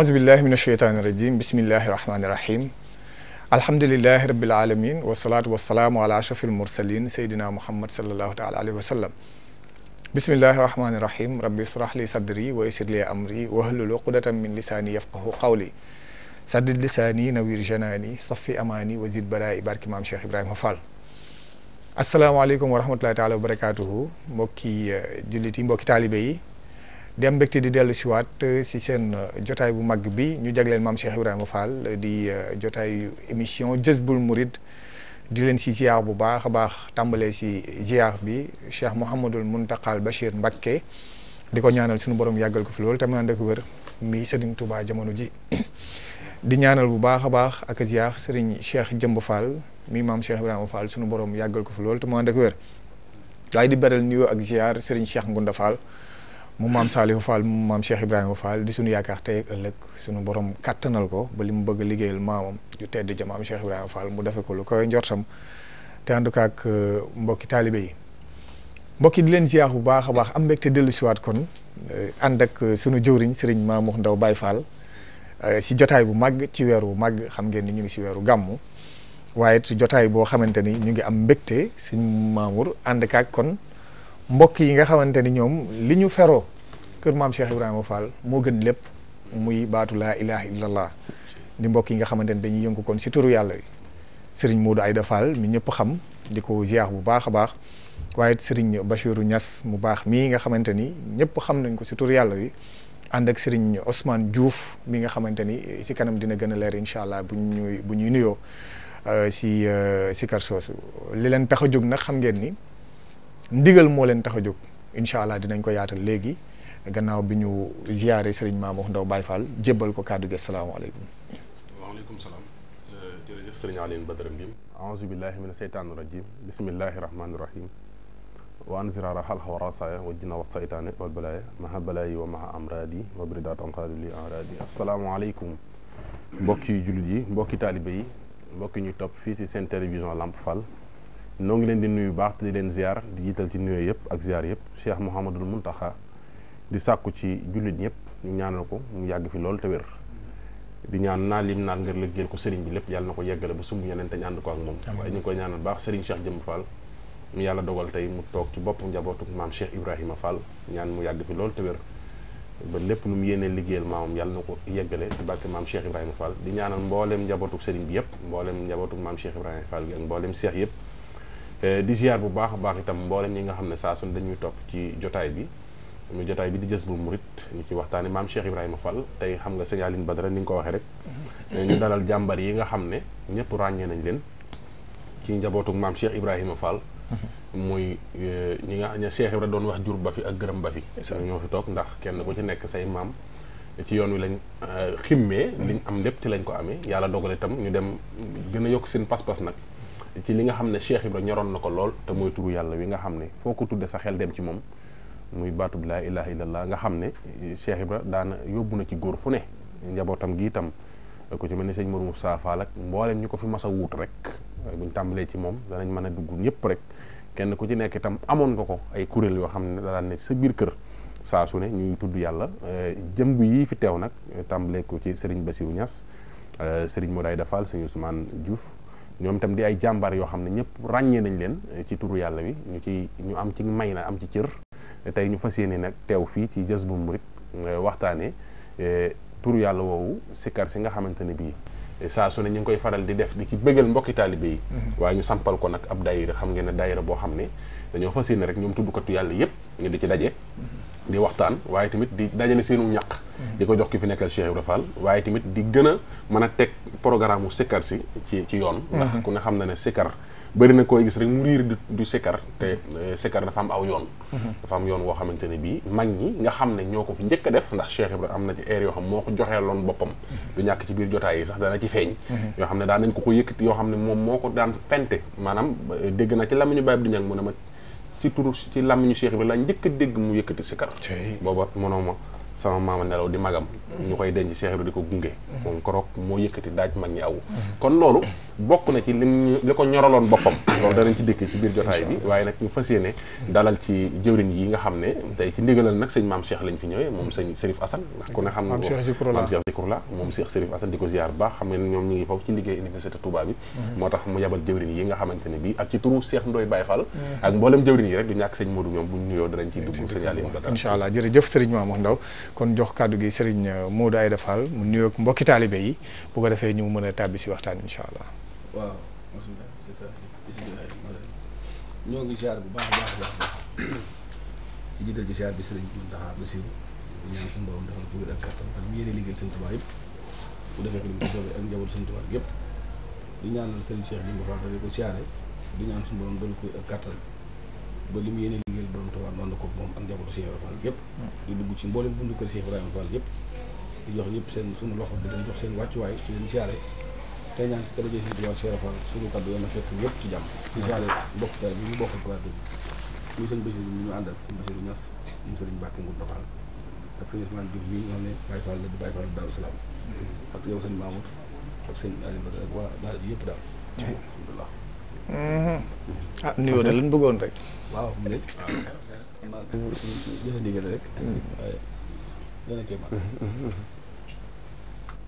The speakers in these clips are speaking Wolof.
أعوذ بالله من الشيطان الرجيم بسم الله الرحمن الرحيم الحمد لله رب العالمين والصلاة والسلام على أشرف المرسلين سيدنا محمد صلى الله تعالى عليه وسلم بسم الله الرحمن الرحيم رب اشرح لي صدري ويسر لي أمري واحلل عقدة من لساني يفقه قولي سدد لساني نوير جناني صفي أماني وزد برائي بارك إمام شيخ إبراهيم فال السلام عليكم ورحمة الله تعالى وبركاته mbokki جلتي yi طالبي di am mbégte di dellu siwaat euh, si seen euh, jotaay bu mag bi ñu jagleel maam Cheikh Ibrahima Fall euh, di jotaayu émission Jazboul Mouride di leen si ziar bu baax a baax tàmbalee si ziar bi Cheikh Mouhamadul Muntaqal Bachir mbakke di ko ñaanal suñu borom yàggal ko fi lool tamit ànd ak wër mi Serigne Touba jamono ji di ñaanal bu baax a baax ak ziar Serigne Cheikh Jëmb Fall mi maam Cheikh Ibrahima Fall suñu borom yàggal ko fi loolu tamit ànd ak waaye di beral nuyoo ak ziar Serigne Cheikh Ngounda Fall. mu maam Saliou Fall mu maam Cheikh Ibrahima Fall di suñu yaakaar tey ak ëllëg suñu borom kàttanal ko ba li mu bëgg liggéeyal maamam ju tedd ja maam Cheikh Ibrahima Fall mu defe ko lu koy njortam te ànd ko euh, mbokki taalibe mbokki leen ziar bu baax a baax am mbégte dellu siwaat kon euh, ànd ak euh, sunu jëwriñ sëriñ Mamour Ndaw Baye Fall si jotaay bu màgg ci weer wu màgg xam ngeen ni ñu ngi si weeru gàmmu waaye jotaay boo xamante ni ñu ngi am mbégte suñu Mamour ànd kaak kon mbokk yi nga xamante ni ñoom li ñu feroo keur mam Cheikh ibrahim Fall mo gën lepp muy batu la ilaha illallah di mbok yi nga xamantene dañuy yëngu kon ci turu yalla yi Serigne Modou ayda Fall mi ñepp xam di ziar bu baax baax waye Serigne bashirou nias mu baax mi nga xamante ñepp xam nañ ko si turu yalla yi and ak Serigne Ousmane Diouf mi nga xamante ci si kanam dina gëna leer inshallah bu ñuy bu ñuy euh, si euh, si kar li leen taxajuk xam ngeen ni ndigal molen leen taxajuk inshallah allah dinañ ko yaatal legi. gannaaw biñu ziare serigne Mamour Ndaw Baye Fall jébbal ko kàddu gi asalaamaaleykum. waaleykum salaam jërëjëf serigne Alioune Badara Mbim. a'udhu billahi minash shaitanir rajim bismillahir rahmanir rahim. wa anzirara hal wa rasaya wa jinna wa shaitani wal balaya ma habalayi wa ma amradi wa bridat anqadi li aradi assalamu alaykum mbokki julit yi mbokki taalibe yi mbokki ñu top fi ci sen télévision Lamp Fall noo ngi leen di nuyu baax te di leen ziar di jiital ci nuyoo yëpp ak ziar yëpp Cheikh Mouhamadul Muntaxa di sàkku ci jullit ñëpp ñu ñaanal ko mu yàgg fi lool te di ñaan naa lim naan ngir liggéeyal ko sëriñ bi lépp yàlla na ko yeggale ba sumb ànd ko ak moom waaye ñu ngi koy baax sëriñ Cheikh Jëmb Fall mu yàlla tey mu toog ci bopp njabootu maam Ibrahima Fall ñaan mu yàgg fi lool te ba lépp lu mu yéenee liggéeyal maamam yàlla na ko yeggale ci barke maam Cheikh Ibrahima Fall di ñaanal mbooleem njabootu sëriñ bi yëpp mbooleem njabootu maam Cheikh Ibrahima Fall gi ak mbooleem seex yëpp eh, di ziar bu baax a baax itam mbooleem ñi nga xam ne saa sun dañuy topp ci jotaay bi mu jotaay bi di bu murit ñu ci waxtaane maam Cheikh Ibrahima Fall tay xam nga sëñ Aline ni nga ko waxe rek mhm. ñu dalal jambar yi nga xamne ñepp rañé nañ leen ci njabotuk maam Cheikh Ibrahima Fall mhm. muy e, ñi nga ñe Cheikh Ibrahima doon wax jur ba fi ak gërem ba fi ñoo fi tok ndax kenn ku ci nekk say maam ci yoon wi lañ e, ximmee mhm. liñ am lepp ci lañ ko amé yalla dogalé tam ñu dem gëna yok seen pas-pas nak. ci li nga xam Cheikh Ibrahima ñoroon nako lool te moy turu yalla wi nga foko tuddé sa xel dem ci mom muy batu la ilaha illallah nga xamne Cheikh Ibra daana yóbbu na ci gor fu ne njabotam gi tam ko ci melni seigne Mourou Moussa Fall ak mboolem ñuko fi massa wut rek buñ tambalé ci mom danañ mën dugg ñepp rek kenn ku ci nekk tam amon nga ko ay kuréel yo xamne ne la ne sa bir kër sa su ne ñuy tudd yàlla eh, jëmb yii fi tew nak tambalé ko ci Serigne Bassirou Niass eh, Serigne Modaay Dafal sëñ Ousmane Diouf ñom tam di ay jambar yo xamne ñepp ragné nañ leen eh, ci turu yalla wi ñu ci ñu am ci mayna am ci cër tey ñu fa yéene nag teew fii ci Jazboul Mouride euh, waxtaanee euh, tur yàlla woowu sikkar si nga xamante ne bii euh, saa su ne ñu ngi koy faral di def di ci bëggal mbokki taalibe yi mm-hmm. waaye ñu sampal ko nag ab daayira xam ngeen ne daayira boo xam ne dañoo fas yéene rek ñoom tuddukatu yàlla yëpp nga di ci daje mm-hmm. di waxtaan waaye tamit di dajale seenu ñaq mm-hmm. di ko jox ki fi nekkal Cheikh Ibra Fall waaye tamit di gën a mën a teg programme mu sikkar si ci ci yoon ndax ku ne xam na ne sikkar bëri na koy gis rek mu riir du sikar te eh, sikar dafa am aw yoon mhm. dafa am yoon woo xamante ne bii mag ñi nga xam ne ñoo ko fi njëkk def ndax Cheikh Ibrahima am na ci yoo xam moo ko joxeeloon boppam mhm. du ñàkk ci biir jotaay yi sax dana ci feeñ mhm. yoo xam ne daan nañ ko ko yëkkati yoo xam ne moom moo ko daan fente maanaam eh, dégg naa ci lamiñu Baye du Niang mu ne ma ci turu ci lamiñu Cheikh Ibrahima la njëkk dégg mu yëkkati sikar booba mënoo ma sama maama nelaw di magam ñu koy denc Cheikh Ibrahima di ko gunge moom koroog moo yëkkati daaj mag ñi aw kon loolu bokk na ci li ko ñoraloon boppam loolu danañ ci dikk ci biir jotaay bi waaye nag ñu fas yéene dalal ci jëwrin yi nga xam ne tey ci ndigalal nag sëñ maam Cheikh lañ fi ñëwee moom sëñ Serif Assane ndax ku ne xam na maam Cheikh Zikroula moom Cheikh Serif Assane di xam ne ñoom ñu ngi foofu ci liggéey université Touba bi mhm. moo tax mu yabal jëwrin nga xamante ne bi ak ci turu Cheikh Ndoye Baye Fall mhm. ak mboolem jëwrin yi rek du ñàkk sëñ Modou ñoom buñ nuyoo danañ ciy dugg sëñ Aliou Badara incha allah jërëjëf sëriñ Mamadou Ndaw kon jox kàddu gi sëriñ Modou Aïda Fall mu nuyoo mbokki taalibe yi bu ko defee ñu mën a tàbbi si waxtaan incha allah waaw bisimilah bisimilah ñoo ngi ziar bu baax a baax baax baax di jiital ci ziar bi sëriñ Mountakha Bassirou di ñaan suñu borom defal ko wér ak kattan ak yéene liggéey sëñ Tuubaa yëpp bu defee ko li mu soobee ak njaboot sëñ Tuubaa yëpp di ñaanal sëriñ Cheikh li mu faral di ko ziare di ñaan suñu borom doon ko wér ak kattan ba li mu yéene liggéeyal borom Tuubaa noonu la ko moom ak njabootu Cheikh Ibrahima Fall yëpp di dugg ci mboolem bundu kër Cheikh Ibrahima Fall yëpp di jox ñëpp seen suñu loxo di leen jox seen wàccuwaay di leen ziare tey ñaan si délégué si diwaan Cheikh Fall suñu kaddu yéen a fekk ñëpp ci jàmm. di jaare mbokk teel bi ñu bokk ak waa Dóor bi. muy sëñ Bachir ñu ñu àndal sëñ Bachir Niass mu sëriñ Mbacke Ngour Ndofane ak sëñ Ousmane Diouf mii nga xam ne Baye Fall la di Baye Fall Daaru Salaam ak yow sëñ Mamour ak sëñ Aliou Badara ak waa daara ji yëpp daal. alhamdulilah. ah nuyoo de lañ bëggoon rek. waaw mu ne. waaw maa ngi jëfe ndigal rek. waaye dana kéemaan.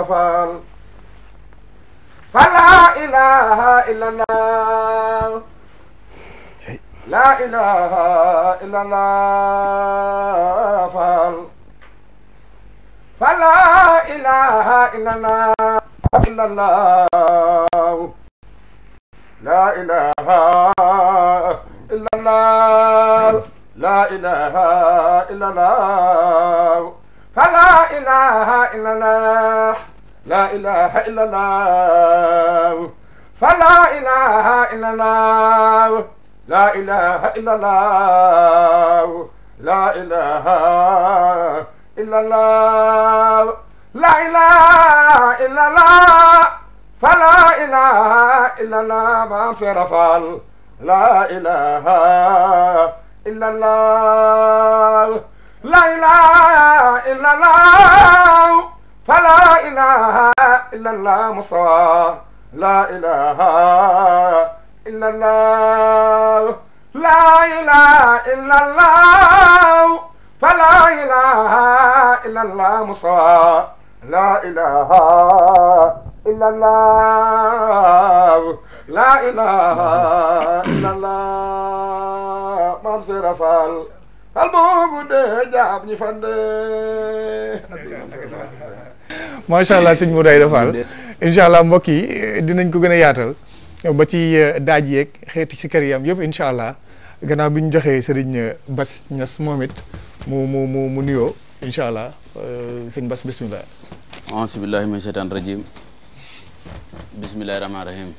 فال فلا إله إلا الله لا إله إلا الله فال فلا إله إلا الله إلا الله لا إله إلا الله لا إله إلا الله فلا إله إلا الله لا إله إلا الله فلا إله إلا الله لا إله إلا الله لا إله إلا الله لا إله إلا الله فلا إله إلا الله ما في لا إله إلا الله لا إله إلا الله فلا إله إلا الله مصاب لا إله إلا الله لا إله إلا الله فلا إله إلا الله مصاب لا إله إلا الله لا إله إلا الله منصرف al moomu de jaam ñi fan macha allah sëñ Mourayda Fall incha mbokk yi dinañ ko gën a yaatal ba ci euh, daaj yeeg xeeti si kër yam yëpp incha allah gannaaw bi ñu joxee sëriñ euh, Bas Ñas moom mu mu mu mu nuyoo incha allah euh, sëñ Bas bisimilah. auzu billahi min shaytaan rajim bisimilahi rahmaani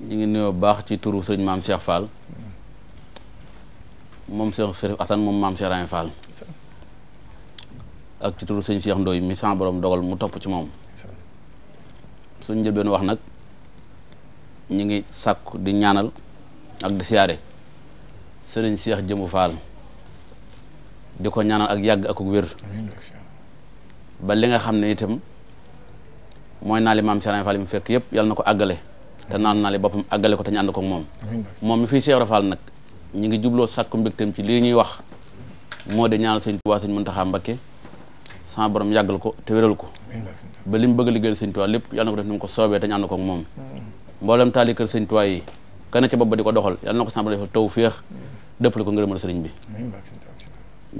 ñi ngi nuyo baax ci turu serigne mam Cheikh Fall mom Cheikh Serif Assane mom mam Cheikh Rahim Fall ak ci turu serigne Cheikh Ndoy mi sa borom dogal mu top ci suñu jël ben wax nak ñi ngi sàkku di ñaanal ak di siaré serigne Cheikh jëmu Fall di ko ñaanal ak yag ak wër ba li nga xam itam moy naa li maam Cheikh Rahim Fall mu fekk yëpp yalla nako agalé nan na naale bopam agalé ko té ñu and ko mom mom mi fiy Cheikh rafal nak ñi ngi jubloo sakku mbégteem ci li ñuy wax modé ñaan ñaanal touba Tuubaa muntaha Muntaxa sama borom yagal ko té wéral ko ba lim bëgg ligël liggéeyal touba Tuubaa lépp yàlla na def ñu ko soobee té ñu and ko mom mbolam tali kër sëñ touba yi kana ci bobu diko doxal yalla na ko sama borom defal taw deppal dëppale ko ngërëmal sëriñ bi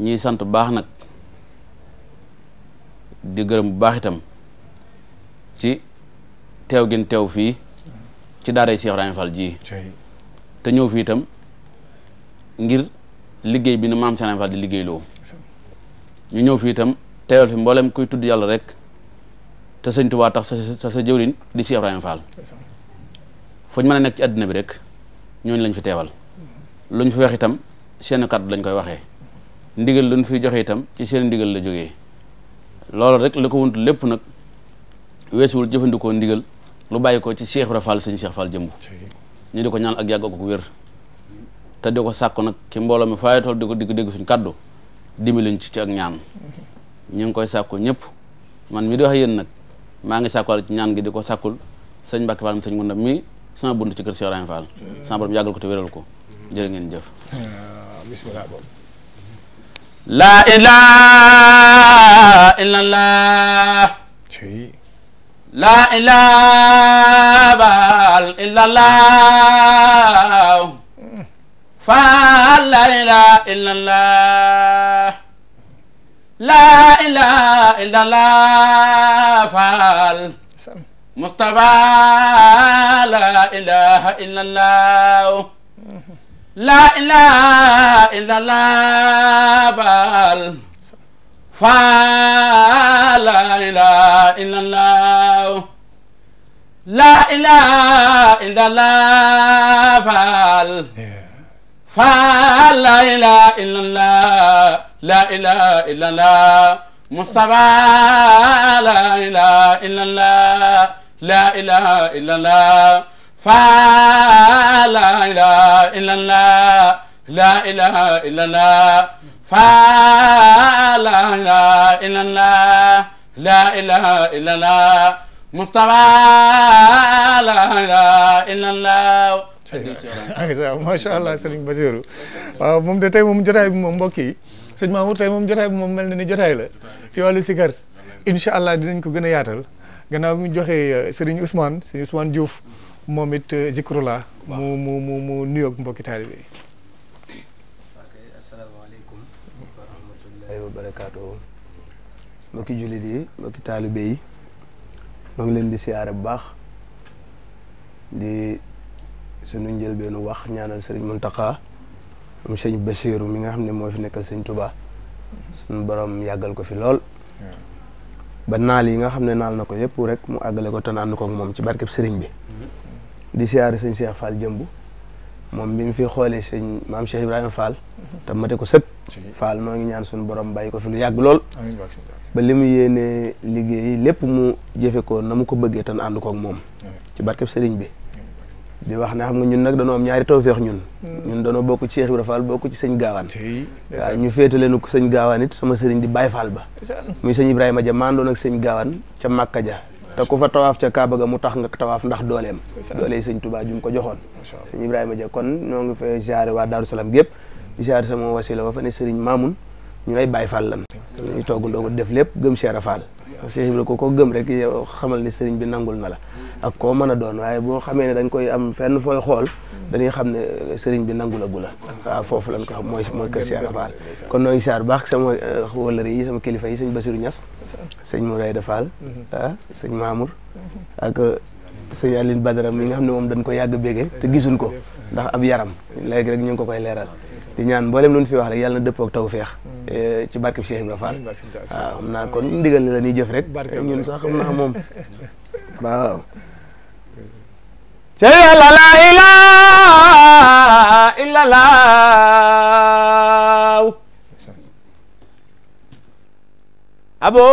ñi sant baax nak di gërëm bu baax itam ci tew gin tew fi ci daaray Cheikh Ibrahima Fall ji te ñëw fii itam ngir liggéey bi nu maam Cheikh Ibrahima Fall di liggéeyloo ñu ñëw fii itam teewal fi mboolem kuy tudd yàlla rek te sëñ waa tax sa sa jëwriñ di Cheikh Ibrahima Fall fu ñu mën nekk ci àddina bi rek ñooñu lañ fi teewal lu ñu fi wax itam seen kàddu lañ koy waxee ndigal lu ñu fiy joxe itam ci seen ndigal la jóge loolu rek la ko wuntu lépp nag weesuwul jëfandikoo ndigal lu bayiko ko ci Cheikh rafal seigne Cheikh Fall jëmb ni diko ko ñaan ak yàgg ko wér te diko ko sàkku nag ci mbooloo mi faaye tool di ko digg dégg suñ kaddu ci ci ak ñaan ñi ngi koy sàkku man mi di wax yéen nag maa ngi ci ñaan gi di ko seigne Mbacke Fall seigne mi sama buntu ci kër Cheikh rafal Fall sama borom yagal ko te wëral ko jërë ngeen jëf ah, bismillah la ilaha illallah لا إله إلا الله فلا إله إلا الله لا إله إلا الله فال مصطفى لا إله إلا الله لا إله إلا الله فال fa la ilaha illallah la ilaha illallah faal fa la ilaha illallah la ilaha illallah Mustafa la ilaha illallah la ilaha illallah fa la ilaha illallah la ilaha illallah fa la ilaha illallah la ilaha illallah Mustafa la ilaha illallah macha allah sëriñ Basiru waaw moom de tey moom jotaay bi moom mbokk yi sëñ Mamour tey moom jotaay bi moom mel na ni jotaay la ci wàllu sikar incha allah dinañ ko gën a yaatal gannaaw bi ñu joxee sëriñ Ousmane sëriñ Ousmane Diouf moom it euh, zikrullah mu mu mu mu nuyoog mbokki taalibe yi rahmatullahi wa jullit yi mbokki taalibe yi ñoo ngi leen di siyaare bu baax di sunu njëlbeenu wax ñaanal sëriñ Muntaxa am sëñ Basiiru mi nga xam ne moo fi nekkal sëñ Tuubaa sunu yàggal ko fi lool ba naal yi nga xam ne naal na ko yëpp rek mu àggale ko te ànd ko moom ci barkeb sëriñ bi di siyaare sëñ Cheikh Fall jëmb moom bi mu fi xoolee sëñ maam Cheikh Ibrahima Fall te mate ko sëkk Fall noo ngi ñaan suñu borom bàyyi ko fi lu yàgg lool ba li mu yéenee liggéey lépp mu jëfe ko na mu ko bëggee tan ànd kook moom ci barkeb sëriñ bi di wax ne xam nga ñun nag danoo am ñaari tawféex ñun hmm. ñun danoo bokk ci Cheikh Ibrahima Fall bokk ci sëñ gaawaan waaw ñu féete leen ko sëñ gaawaan it sama sëriñ di bàyyi faal ba muy sëñ Ibrahima ja maandoon ak sëñ gaawaan ca Màkka ja te ku fa tawaaf ca Kaaba ga mu tax nga tawaaf ndax dooleem doole yi sëñ Touba mu ko joxoon sëñ Ibrahima Dia kon ñoo ngi fa ziare waa Daaru Salaam gépp ziare sama wasila ba fa ne sëriñ Maamun ñu lay bàyyi Fall lan ñuy togg ndogu def lépp gëm Cheikh Fall Cheikh Ibrahima ko ko gëm rek yow xamal ni sëriñ bi nangul na la ak koo mën a doon waaye boo xamee ne dañ koy am fenn fooy xool dañuy xam ne eh, sëriñ bi nangu la waaw foofu lañ ko xam mooy mooy kër Cheikh kon nooy saar baax sama eh, wëllëri yi sama kilifa yi sëñ Basiru Ñas sëñ Mourayda Fall ah sëñ Mamour ak eh, sëñ Aline Badara mi nga xam ne moom dañ ko yàgg béggee te gisuñ ko ndax ab yaram léegi rek ñu ngi ko koy leeral di ñaan mboolem lu ñu fi wax rek yàlla na dëppoo ak tawféex ci barkeb Cheikh Ibra Fall waaw xam naa kon ndigal la ñuy jëf rek ñun sax xam naa moom waaw ṣẹ́yìn ọ̀làlá ilá ìlàlá abo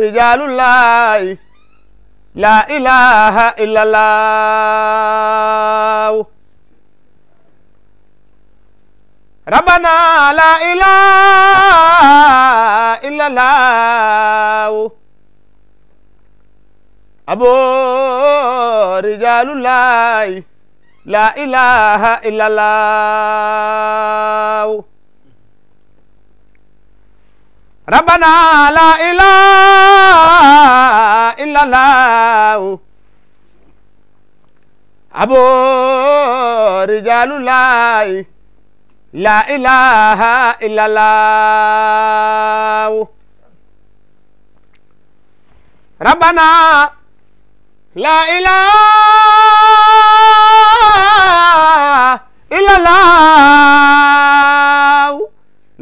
rijalulahi la ilaha illallah rabbana la ilaha illallah أبو رجال الله لا إله إلا الله ربنا لا إله إلا الله أبو رجال الله لا إله إلا الله ربنا laa ilaaha illallah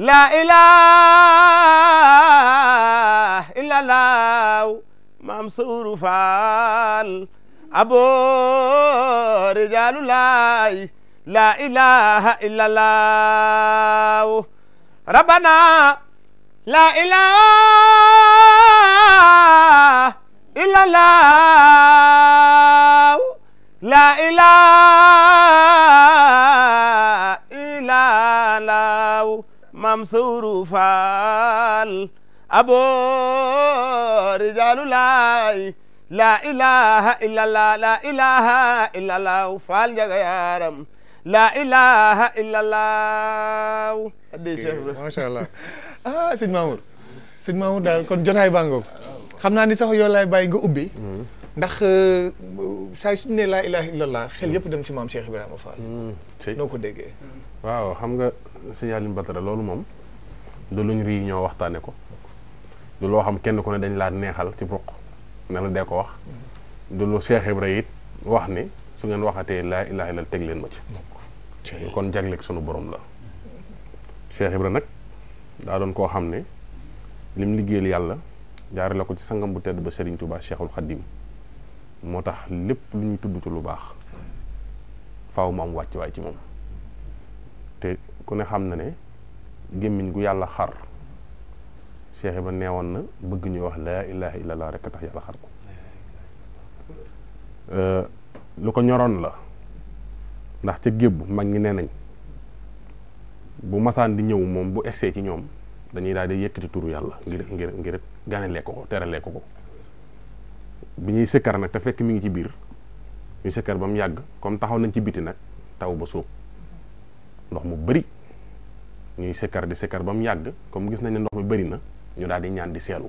laa ilaaha illallah maam Sawru Faal aboo rijaalu laay laa ilaaha illallah rabbana laa ilaaha illallah la ilaha illallah Mansour Fall abo la ilaha illallah la ilaha illallah Fall la ilaha illallah. macha allah ah sëñ Mamour sëñ Mamour daal kon jotaay baa ngoog xamna ni sax yow lay bay nga ubbi. Hmm. ndax euh, say su ne laa ilaha illallah xel yep dem ci mam Cheikh Ibrahima Fall. Hmm. noko ko waaw xam nga seigne Alioune batara lolou mom do luñ ri ñoo waxtane ko du lo xam kenn ko ne dañ laa neexal ci ruq ne la de ko wax du lu Cheikh ibrahim wax ni su ngeen waxate la ilaha illallah tegg leen ma ci. kon jaglek sunu borom la. Cheikh ibrahim nak da doon ko xamne lim liggeel yalla jaare la ko ci sangam bu tedd ba Serigne Touba Cheikhul Khadim moo tax lépp lu ñuy tudd ci lu baax faw mu am wàccuwaay ci moom te ku ne xam na ne gémmiñ gu yàlla xar Cheikh ba neewoon na bëgg ñuy wax laa ilaha illallah rek tax yàlla xar ko lu ko ñoroon la ndax ca gébb mag ñi nee nañ bu masaan di ñëw moom bu egsee ci ñoom dañuy daal di yëkkati turu yàlla ngir ngir ngir gaanalee ko ko teralee ko ko bi ñuy sëkkar nag te fekk mi ngi ci biir ñu sëkkar ba mu yàgg comme taxaw nañ ci biti nag taw ba suub ndox mu bëri ñuy sëkkar di ba mu yàgg comme gis nañ ne ndox mi bari na ñu daal di ñaan di seelu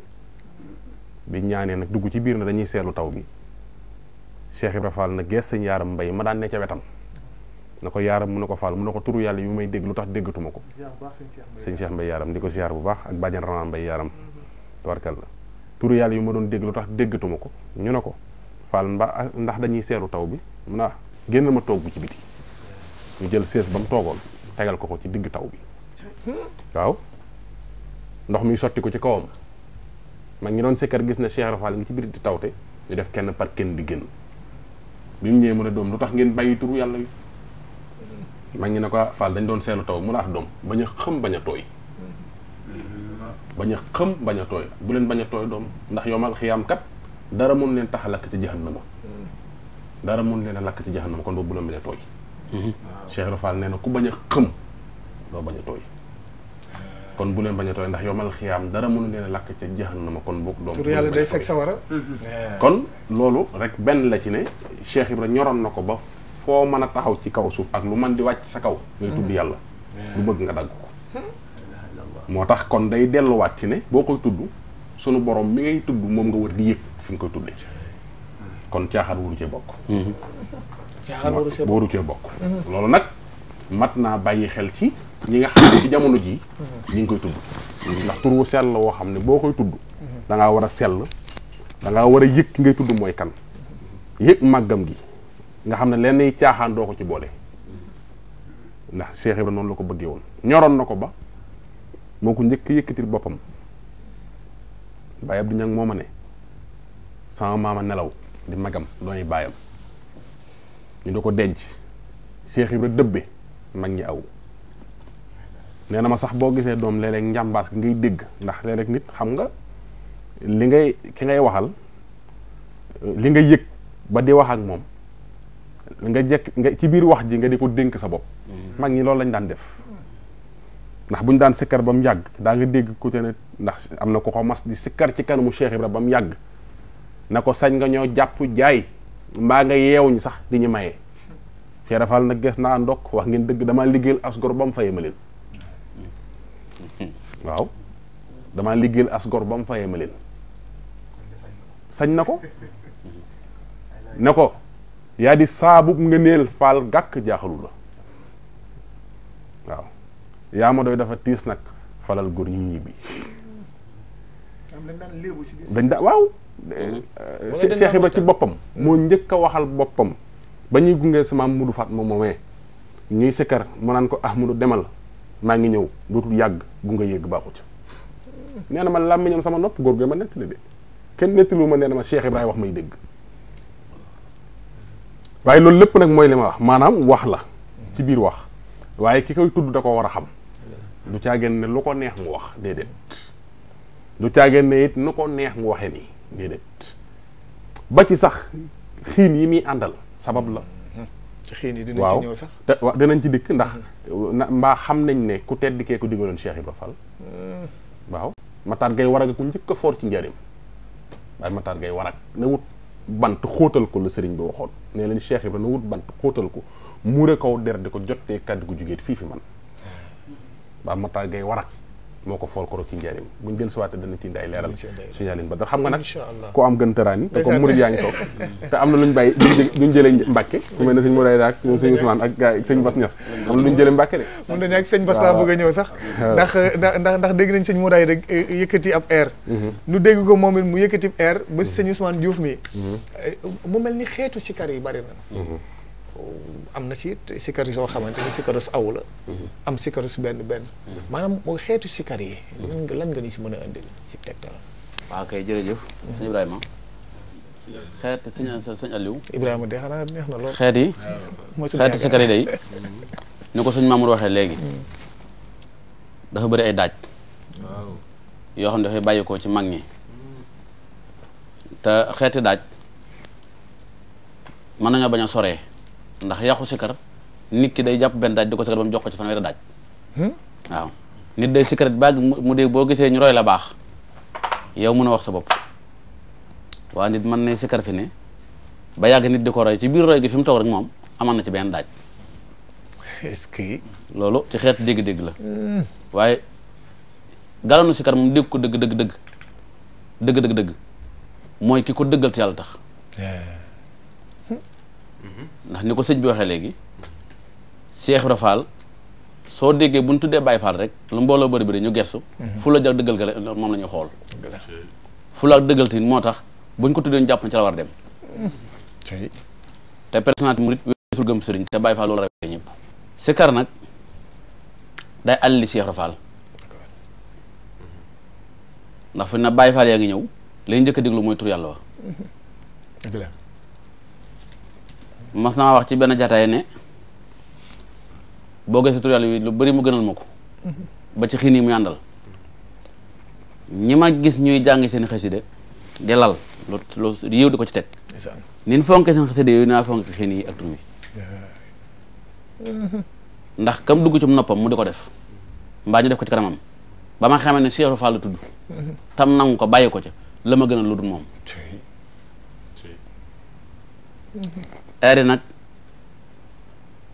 bi ñaanee nag dugg ci biir na dañuy seelu taw bi Cheikh Ibra na gees sëñ yaaram mbay ma daan ne ca wetam nako yaram, yaaram mu na ko ko turu yalla yu may dégg lu tax ko sëñ Cheikh mbay yaram diko ziar bu baax ak badian Rama mbay yaram tawarkal la turu yalla yu ma doon deg lu tax ko ñu mba ndax dañuy seeru taw bi muna ah, na ma toog ci biti ñu jël ses bam togol toogoon tegal ko ko ci digg taw bi waw ndox mi soti ko ci kawam man ngi don sikkar gis na Cheikh rafal ngi ci biti di tawte ñu def kenn par kenn di genn bimu mu ne dom lutax ngeen bayyi turu yalla mag ñi ne ko Fall dañ doon seelu taw mu ne ah doom bañ a xëm bañ a tooy bañ a bañ a tooy bu leen bañ a tooy doom ndax yomal xiyaam kat dara mun leen tax a lakk ci jahannama dara mun leen a lakk ci jahannama kon boobu bu leen bañ a tooy Cheikh nee na ku bañ a xëm doo bañ a bu leen bañ a tooy ndax yomal xiyaam dara mënu leen a lakk ca jahannama kon boog doom tur yàlla day fekk sa kon loolu rek benn la ci ne Cheikh Ibra ñoroon na ko ba fo meuna taxaw ci kaw suuf ak lu man di wacc sa kaw ngay tuddu mm. yalla lu bëgg nga dag ko hmm? tax kon day delluwaat ci ne boo tuddu sunu borom mi ngay tuddu mom nga wër di yek fi nga koy tuddee kon caaxaan waru cee bokk hmm. caaxaan waru cee bokk waru cee bokk hmm. loolu nag mat naa bayyi xel ci ñi nga xam ci jamono ji ñi ngi koy tuddu ndax tur wu sel wo xamne tuddu da nga wara sel da nga wara yek ngay tuddu moy kan yek magam gi nga xam ne lenn yi caaxaan doo ko ci boole ndax Cheikh Ibra noonu la ko bëggee woon ñoroon na ko ba moo ko njëkk yëkkatil boppam Baye Abdou Niang moo ma ne sama maama nelaw di magam doonay baayam ñu da ko denc Cheikh Ibra dëbbe mag ñi aw nee na ma sax boo gisee doom léeg-léeg njàmbaas gi ngay dégg ndax léeg-léeg nit xam nga li ngay ki ngay waxal li nga yëg ba di wax ak moom nga jek nga ci bir wax ji nga diko denk sa bop mm-hmm. mag ñi loolu lañ daan def ndax buñ daan sekkar bam yag da nga deg ku te ndax am ko ko mas di sekkar ci kanu Cheikh ibrahim bam yag nako sañ nga ñoo japp jaay mba nga yewuñ sax di ñu maye fi Rafal nag ges na ndok wax ngeen deug dama liggéeyal asgor bam fayema len mm-hmm. waaw asgor bam fayema len sañ nako mm-hmm. nako ya di nga neel fal gak jaaxalu la waaw ya ma doy dafa tis nak falal gor ñi bi dañ da waaw Cheikh ba ci bopam mo njëkk waxal bopam bañuy gungé sama Mudu mo momé ñuy sekar mo nan ko Ahmadu demal ma ngi ñew dootul yag gunga yëgg baaxu ca neena ma làmmiñam sama nopp gor gi ma nettali de kenn nettaliwu ma neena ma Cheikh ibrahim wax may deug waye loolu lepp nak moy lima ma wax manam wax la ci bir wax waye ki koy tudd da ko wara xam du tiagen ne lu ko neex mu wax dedet du tiagen ne it nu ko neex mu waxe ni dedet ba ci sax xin yi mi andal sabab la xin yi dina ci ñew sax wa dinañ ci dik ndax mbaa xam nañ ne ku tedd ke ko digalon Cheikh Ibra Fall hmm. waaw Matar gay warag ku njëkk a foor ci njëriñ waaye Matar gay warag ne wut bant xóotal ko la sëriñ bi waxoon nee nañ Cheikh Ibra na wut bant xóotal ko muure kow der di ko jottee kàddu ku jugee fii fi man ba mata gay warak moo ko fool koro ci njariñ buñ del suwaate dana ci indi ay leeral suñaa leen ba dara xam nga nag koo am gën taraani te comme murid yaa ngi toog te am na luñ bàyyi jëlee Mbàkke ku mel ne sëñ Moulay ak ñoom sëñ Ousmane ak gars Bas na luñ laa bëgg a ñëw sax ndax ndax dégg nañ sëñ Moulay rek eh, yëkkati ab air mhm. nu dégg ko moom it mu yëkkati ab air ba mhm. sëñ Ousmane Diouf mi mhm. eh, mu mel ni xeetu sikar yi bari na am na si sikar yoo xamante ni sikarus aw la mm-hmm. am sikarus benn benn mm-hmm. maanaam mooy xeetu sikar yi mm-hmm. lan nga ni si mën a indil si tegtal waaw kay jërëjëf sëñ Ibrahima xeet sëñ Ibrahima de xanaa neex na lool xeeti moo xeetu sikar yi ni ko sëñ Mamour waxee léegi dafa bëri ay daaj yoo xam ne dafay bàyyi ko ci mag ñi te xeeti daaj mën nañoo bañ a sore ndax yàqu sikar nit ki day jàpp benn daaj di ko sikar ba mu jox ko ci fanweeri daaj hmm? waaw nit day sikar baag mu dee boo gisee ñu roy la baax yow mën a wax sa bopp waaye nit mën na sikar fi ne ba yàgg nit di ko roy ci biir roy gi fi mu toog rek moom amoon na ci benn daaj est-ce loolu ci xeet dégg-dégg la hmm. waaye galanu sikar moom dégg ko dëgg dëgg dëgg dëgg dëgg dëgg mooy ki ko dëggal ci yàlla tax ndax niko señ bi waxe legi Cheikh rafal so dege déggee bu Baye rek lu mbolo bëri bëri ñu gessu mhm. fula la jël deugal moom mom lañu xol fula la deugal tin motax buñ ko tuddee japp ci la war dem te personnalité murid wessul gëm sëriñ te Baye fal loolu rek ci kar nak day alli Cheikh rafal mhm. ndax fu na Baye fal ya nga ñew lay ñëk deglu moy tur yalla wa mas naa wax ci benn jataay ne boo gisee tur yi lu bari mu gënal ma ko ba ci xiin yi mu àndal ñi ma gis ñuy jàng seen xaside di lal lu di ko ci teg nin fonkee seen xaside yooyu naa fonk xiin yi ak tur bi ndax kam dugg ci noppam mu di ko def mbaa ñu def ko ci kanamam ba ma xamee ne Cheikh Fall tudd tam nangu ko bàyyi ko ca la ma gënal lu dul moom eeri nag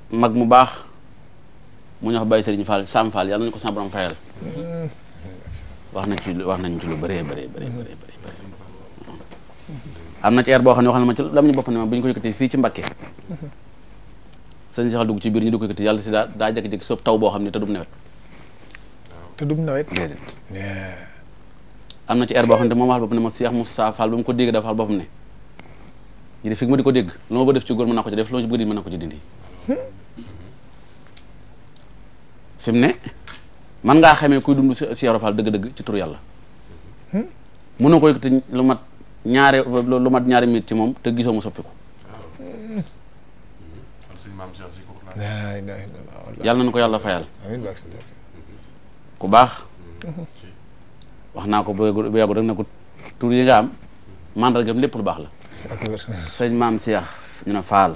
mag mu baax mu ñox bàyyi sëriñ Fall Sam Fall yàlla nañu ko sa borom fayal wax nañ ci wax nañ ci lu bëree bëree am na ci air boo xam ne wax na ma ci lam ñu bopp ne ma bu ñu ko yëkkatee fii ci Mbakke sëñ Seexal dugg ci biir ñu dugg ko yëkkati yàlla si daa daa jékki-jékki soob taw boo xam ne ta dum nawet te dum nawet am na ci air boo xam ne moom wax bopp ne ma Seex Musaa Fall ba mu ko dégg dafa wax boppam ne yi de fi ma di ko dégg lu ma bëgg def ci góor mën naa ko ci def lu ma ci bëgg di mën ci dindi fi ne man ngaa xamee kuy dund Cheikh Ibra Fall dëgg-dëgg ci tur yàlla mënoo ko yëkkati lu mat ñaari lu mat ñaari minute ci moom te gisoo mu soppiku yàlla nañu ko yàlla fayal ku baax wax naa ko bu yàggu rek ne ko tur yi nga am lépp lu baax la sëñ maam Cheikh ñu ne Fall.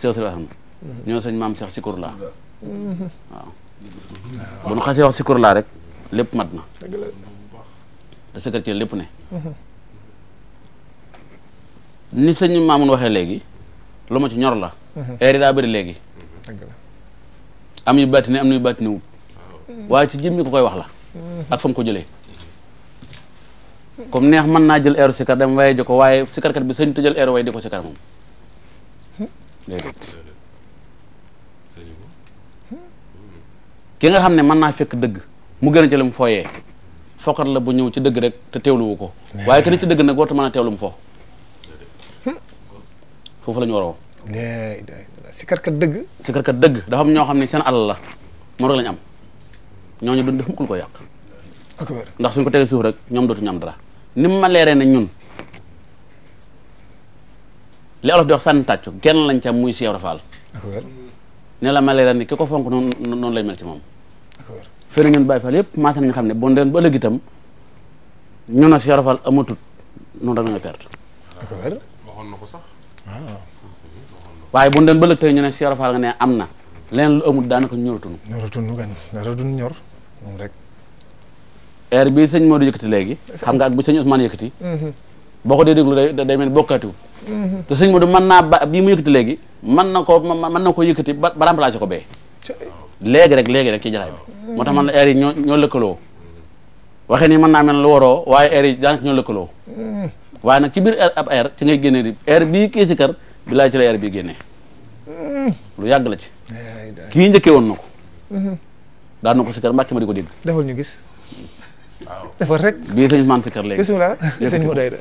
Cheikh Sula xam mhm. nga. ñoo sëñ maam Cheikh Sikur laa. waaw bu ñu xasee wax Sikur laa rek lépp mat na. te secrétaire lépp ne. Mhm. ni sëñ maamun waxee léegi lu ci ñor la. air mhm. yi daa bëri léegi. am yu bàtt ne am na yu bàtt wut. waaye ci jëmmi ko koy wax la. ak fa ko jëlee. comme neex mën naa jël eeru sikar dem waaye ji ko waaye sikarkat bi sañu tëjal eeru waaye di ko sikar moom ki nga xam ne mën naa fekk dëgg mu gën a ci lu mu fooyee fokkat la bu ñëw ci dëgg rek te teewluwu ko waaye kenn ci dëgg nag warta mën a teewlu mu fo foofu la ñu waroo sikarkat dëgg sikarkat dëgg dafa am ñoo xam ne seen alal la moo rek lañu am ñoo ñu def mukkul ko yàq ndax suñ ko tegee suuf rek ñoom dootuñu am dara ni mu ma leeree na ñun li olof di wax sànni tàccu genn lañ ca muy Cheikh Rafal ne la ma leeree ni ki ko fonk noonu noonu lañ mel ci moom fëri ngeen bàyyi fal yëpp maasa nañu xam ne bon deen ba ëllëg itam ñu na Cheikh Rafal amatut noonu rek na nga ko sax waaye bu den ba lëg tey ñu ne Cheikh Rafal nga ne am na leneen lu amul daanaka ñoratunu ñoratunu gan ñoratunu ñor moom rek air bi sëñ Modou yëkkati léegi xam nga ak bi sëñ Ousmane yëkkati mm-hmm. boo ko dee déglu day day mel bokkatu mm-hmm. te sëñ Modou mën naa ba bii mu yëkkati léegi mën na ko mën na ko yëkkati ba remplacé ko bee léegi rek léegi rek ci jaraay mm-hmm. moo tax la air yi ñoo ñoo lëkkaloo waxee ni mën naa mel lu waroo waaye air yi daanaka ñoo lëkkaloo waaye nag ci biir ab air ci ngay génnee di air bii kii si kër bi laay ci la air bii génnee lu yàgg la ci kii njëkkee woon na ko daan na dafa rek bii sëñ Ousmane mu day da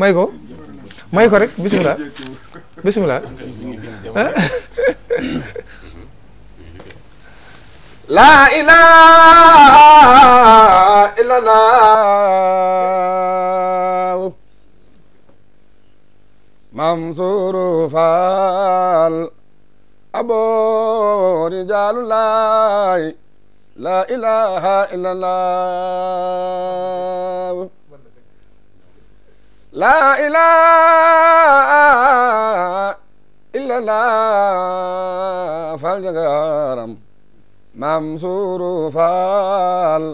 may ko may ko rek bisimilah bisimilah laa ilaaha illallah mamsuru faal abo rijaalullaay laa ilaha illallah laa jagaram maam faal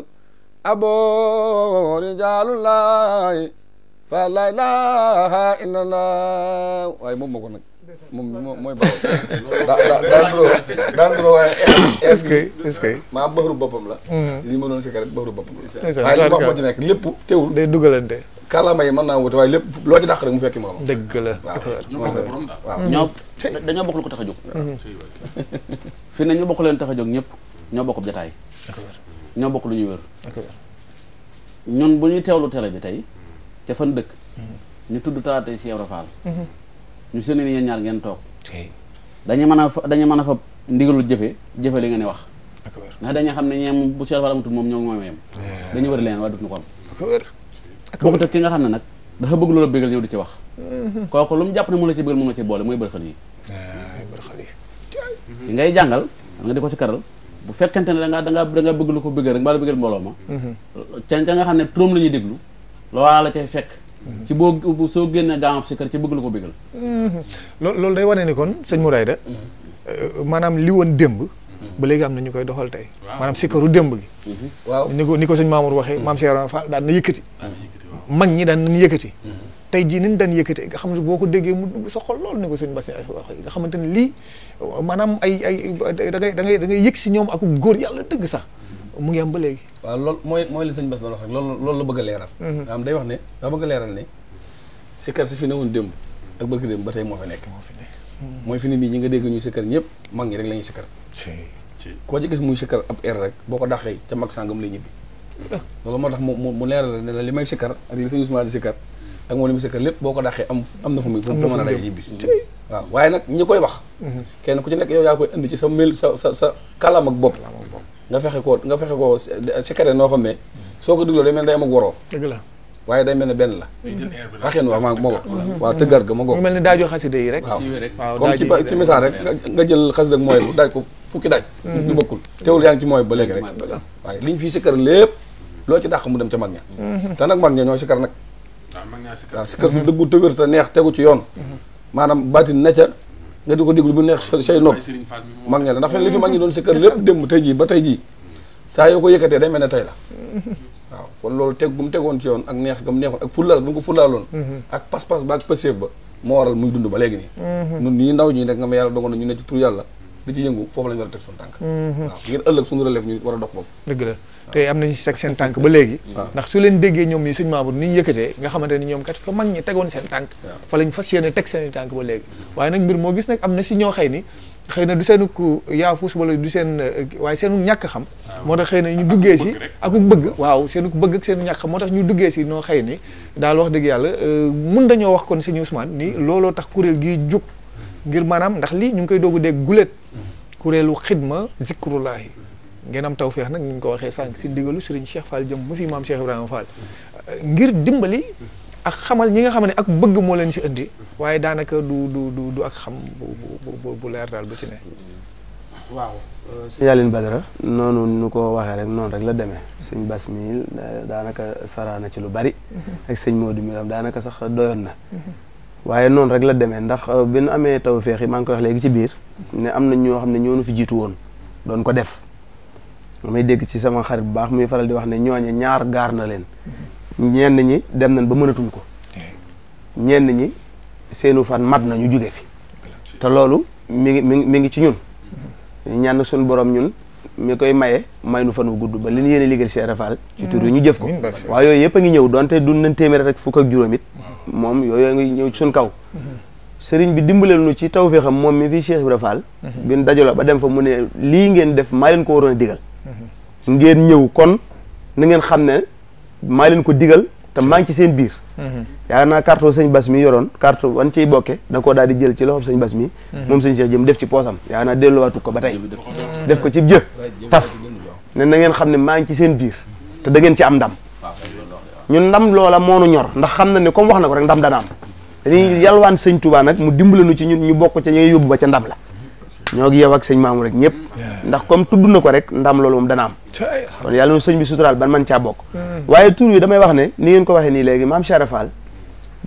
aboo rijaalullaay fa la ilaha illallah waaye moom moo ko moom mooy baax da da daan duroo waaye est-ce que est-ce que maa bëxru boppam la mm. li ma doon secret bëxru boppam la waaye li wax ma ci nekk lépp teewul day dugalante kàllaama yi mën naa wute waaye lépp loo ci dàq rek mu fekki moom dëgg la waaw ñoo mm. dañoo bokk lu ko tax a jóg mm-hmm. fii ne ñu bokk leen tax a jóg ñëpp ñoo bokku bokk jataay ñoo bokk lu ñuy wër ñun bu ñuy teewlu télé bi tey ca fan dëkk mm-hmm. ñu tudd taate si Ibra Fall mm-hmm. ñu seen ni ñaar ngeen tok dañu mëna dañu mëna a fa ndigalul jëfé jëfé li nga ni wax na dañu xamné ne ñeem bu Cheikh Fall amatul moom ñoo moom yem eh. dañu wër leen wa duñu ñu ko am bokkut ak ki nga xamné nak dafa bëgg loolu bëggal ñëw di ci wax mm-hmm. kooku lu mu japp ne mu la ci bëggal moom la ci boole moy bërxal yi eh, ngay jangal nga di ko ci karal bu fekkante ne da nga da nga da nga bëgg lu ko bëggal rek ba la bëggal mbolo ma mm-hmm. ci nga xamné trom lañu déglu lo wala ci fekk ci boo soo génnee daamam si kër ci bëgg la ko bëggal mm-hmm. loolu loolu day wane ni kon sëñ Mourayda euh, maanaam li woon démb mm-hmm. ba léegi am na ñu koy doxal tey maanaam sikkaru démb gi mm-hmm. waaw ni ko ni ko sëñ Mamour waxee maam Cheikh fa daan na yëkkati mag ñi daan nañ yëkkati tey jii niñ daan yëkkati nga xam ne boo ko déggee mu dugg sa xol loolu ni ko sëñ nga xamante ne lii maanaam ay ay da ngay da ngay si ñoom ak góor yàlla dëgg sax mu ngi am ba léegi. waaw loolu mooy mooy li sëñ Bass na wax rek loolu loolu la bëgg a leeral. Mhm. am day wax ne daa bëgg a leeral ne sikkar si fi newoon démb ak barki démb ba tey moo fi nekk. moo fi nekk mhm. mooy fi ne nii ñi nga dégg ñuy sikkar ñëpp mag ñi la ñuy sikkar. koo muy sikkar boo ko daxee ca mag sàngam lay ñibbi. loolu moo tax mu mu mu leeral ne la li may sikkar ak li sëñ Ousmane di sikkar ak moom li muy sikkar lépp boo ko daxee am na fu muy fu mën a day ñibbi waaw waaye nag ñi koy wax mhm. kenn ku ci nekk yow yaa koy indi ci sa mel sa sa sa kàllaam ak bopp nga fexe koo nga fexe koo secret noo xam soo ko dégloo day mel day am ak la waaye day mel na benn la waxeen wax maa moo waaw tëggar ga ma go mel ne daajoo xasida yi rek waaw comme ci misaal rek nga jël xasida mooy bu daaj ko fukki daaj ñu mm. bokkul teewul yaa ngi ci mooy ba léegi rek waaye liñ fii sikkar lépp loo ci dàq mu dem ca mag ña mm-hmm. te nag mag ña ñooy sikkar nag waaw sikkar si mm-hmm. dëggu tëgër te neex tegu ci yoon mm-hmm. maanaam baatin na ca nga di ko déglu bu neex sa say nopp mag ña la ndax fen li fi mag ñi doon si lépp démb tey jii ba tey jii saa yoo ko yëkkatee day mel ne tey la waaw kon loolu teg gum tegoon ci yoon ak neex gam neexoon ak fullaal bu ñu fullaaloon mm-hmm. ak pas-pas ba ak pëseef ba moo waral muy dund ba léegi nii mm-hmm. nii ndaw ñi nga ma yàlla dogal ñu ne ci tur yàlla di ci yëngu foofu la war a teg suñu tànk mm-hmm. waaw ngir ëllëg suñu relève ñu war a dox foofu te am nañu si teg seen tànk ba léegi ndax su leen déggee ñoom ñi sëñ Mamour ni ñu yëkkatee nga xamante ni ñoom kat fa mag ñi tegoon seen tànk fa lañ fas yéene teg seen i tànk ba léegi waaye nag mbir moo gis nag am na si ñoo xëy ni xëy na du seenu ku yaafuus wala du seen waaye seenu ñàkk xam moo tax xëy na ñu duggee si aku bëgg waaw seenu bëgg ak seenu moo tax ñu duggee si noo xëy ni daal wax dëgg yàlla euh, mun dañoo wax kon sëñ Ousmane ni mm. looloo tax kuréel gi jug ngir maanaam ndax lii ñu ngi koy doogu dégg gulet mm. kuréelu xidma zikrullahi ngeen am taw feex nag ni ñu ko waxee sànq si ndigalu Serigne Cheikh Fall jëm mu fi maam Cheikh Ibrahima Fall ngir dimbali ak xamal ñi nga xam ne ak bëgg moo leen si indi waaye daanaka du du du du ak xam bu leer daal bu ci ne. waaw euh, sëñ Aline Badara noonu nu ko waxee rek noonu rek la demee suñ Bas mi daanaka saraana ci lu bari ak sëñ Modou mi tam daanaka sax doyoon na waaye noonu rek la demee ndax euh, bi nu amee tawféex yi maa ngi koy wax léegi ci biir ne am na ñoo xam ne ñoo nu fi jiitu woon doon ko def damay dégg ci sama xarit bu baax muy faral di wax ne ñooñe ñaar gar na len ñenn ñi dem nañ ba mënatuñ ko ñenn ñi seenu fan mat nañu juggé fi té lolu mi ngi mi ngi ci ñun ñaan suñ borom ñun mi koy mayé may nu fan wu gudd ba liñ yéne ligël Cheikh Rafal ci turu ñu jëf ko wa yoy yépp nga donte dun nañ témer rek fuk ak juromit mom yoy nga ñëw ci suñ kaw bi nu ci tawfiixam mom mi fi Cheikh Ibrahima Fall mm-hmm. bi ba dem fa mu ne ngeen def ma leen ko digal ngeen ñëw kon na ngeen xam ne maa leen ko digal te maa ngi ci seen biir mhm. yaakaar naa carte sëñ Bas mi yoroon carte wan ciy bokke da koo daal di jël ci loxob sëñ Bas mi mhm. moom sëñ Cheikh jëm def ci poosam yaakaar naa delluwaatu ko ba tey def ko ci jë taf ne na ngeen ne maa ngi ci seen biir te da ngeen ci am ndam ñun ndam loola moonu ñor ndax xam na ne comme wax na ko rek ndam dana am dañuy yalwaan sëñ Touba nag mu dimbale nu ci ñun ñu bokk ca ñu yóbbu ba ca ndam la ñoo ngi yow ak sëñ maamu rek ñëpp ndax comme tudd na ko rek ndam loolu moom dana am yàlla noonu sëñ bi suturaal ban man caa bokk mm. waaye tur wi damay wax ne ni ngeen ko waxe nii léegi ma Cheikh Fall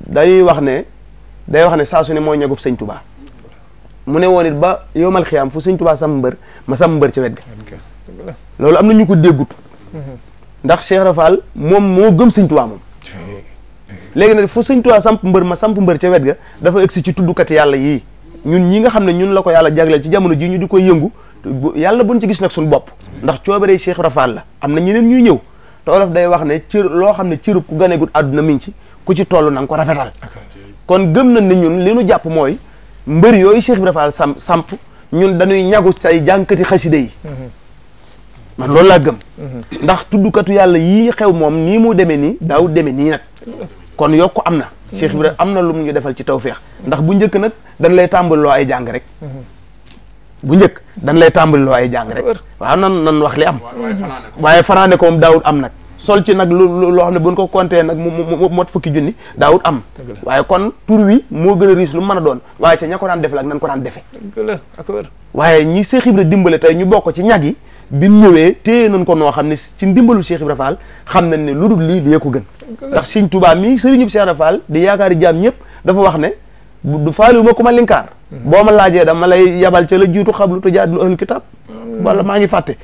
dañuy wax ne day wax ne saa su ne mooy ñagub sëñ Touba mu ne woon it ba yowmal xiyaam fu sëñ sam mbër ma sam mbër ca wet ga loolu am na ñu ko déggut mm-hmm. ndax Cheikh Fall moom moo gëm sëñ Touba nag fu sëñ Touba samp mbër ma samp mbër ca wet ga dafa si ci tuddkat yàlla yii ñun ñi nga xam ne ñun la ko yàlla jagleel ci jamono ji ñu di koy yëngu yàlla buñ ci gis nag suñu bopp ndax coobare Cheikh Rafal la am na ñeneen ñuy ñëw te day wax ne cër loo xam ne cërub ku ganegut àdduna miñ ci ku ci toll na nga ko rafetal kon gëm nañ ne ñun li nu jàpp mooy mbër yooyu Cheikh Rafal sam samp ñun dañuy ñagu say jànkati xasida yi man loolu laa gëm mm-hmm. ndax tuddukatu yàlla yii xew moom nii mu demee nii daaw demee nii nag kon yokku am na Cheikh Ibrahima am na lu mu ñu defal ci feex ndax bu njëkk nag dañ lay tàmbaliloo ay jàng rek bu njëkk dañ lay tàmbaliloo ay jàng rek waaw nan nan wax li am waaye fanaane ko moom daawut am nag sol ci nag lu loo xam ne buñ ko compté nag mu mot fukki junni daawut am waaye kon tur wi moo gën a riis lu mu mën a doon waaye ca ña ko daan defal ak nan ko daan defe waaye ñi Cheikh Ibrahima dimbale tey ñu bokk ci ñag yi bi ñëwee te nañ ko noo xam ne ci ndimbalu Cheikh Ibra Fall xam nañ ne lu dul lii lee ko gën ndax Sëriñ Tuubaa mii sëriñub Cheikh Ibra Fall di yaakaari jaam ñëpp dafa wax ne du faaliwu ma ku ma linkaar boo ma laajee dama lay yabal ca la jiitu xablu te jaadlu ahlul kitaab wala maa ngi fàtte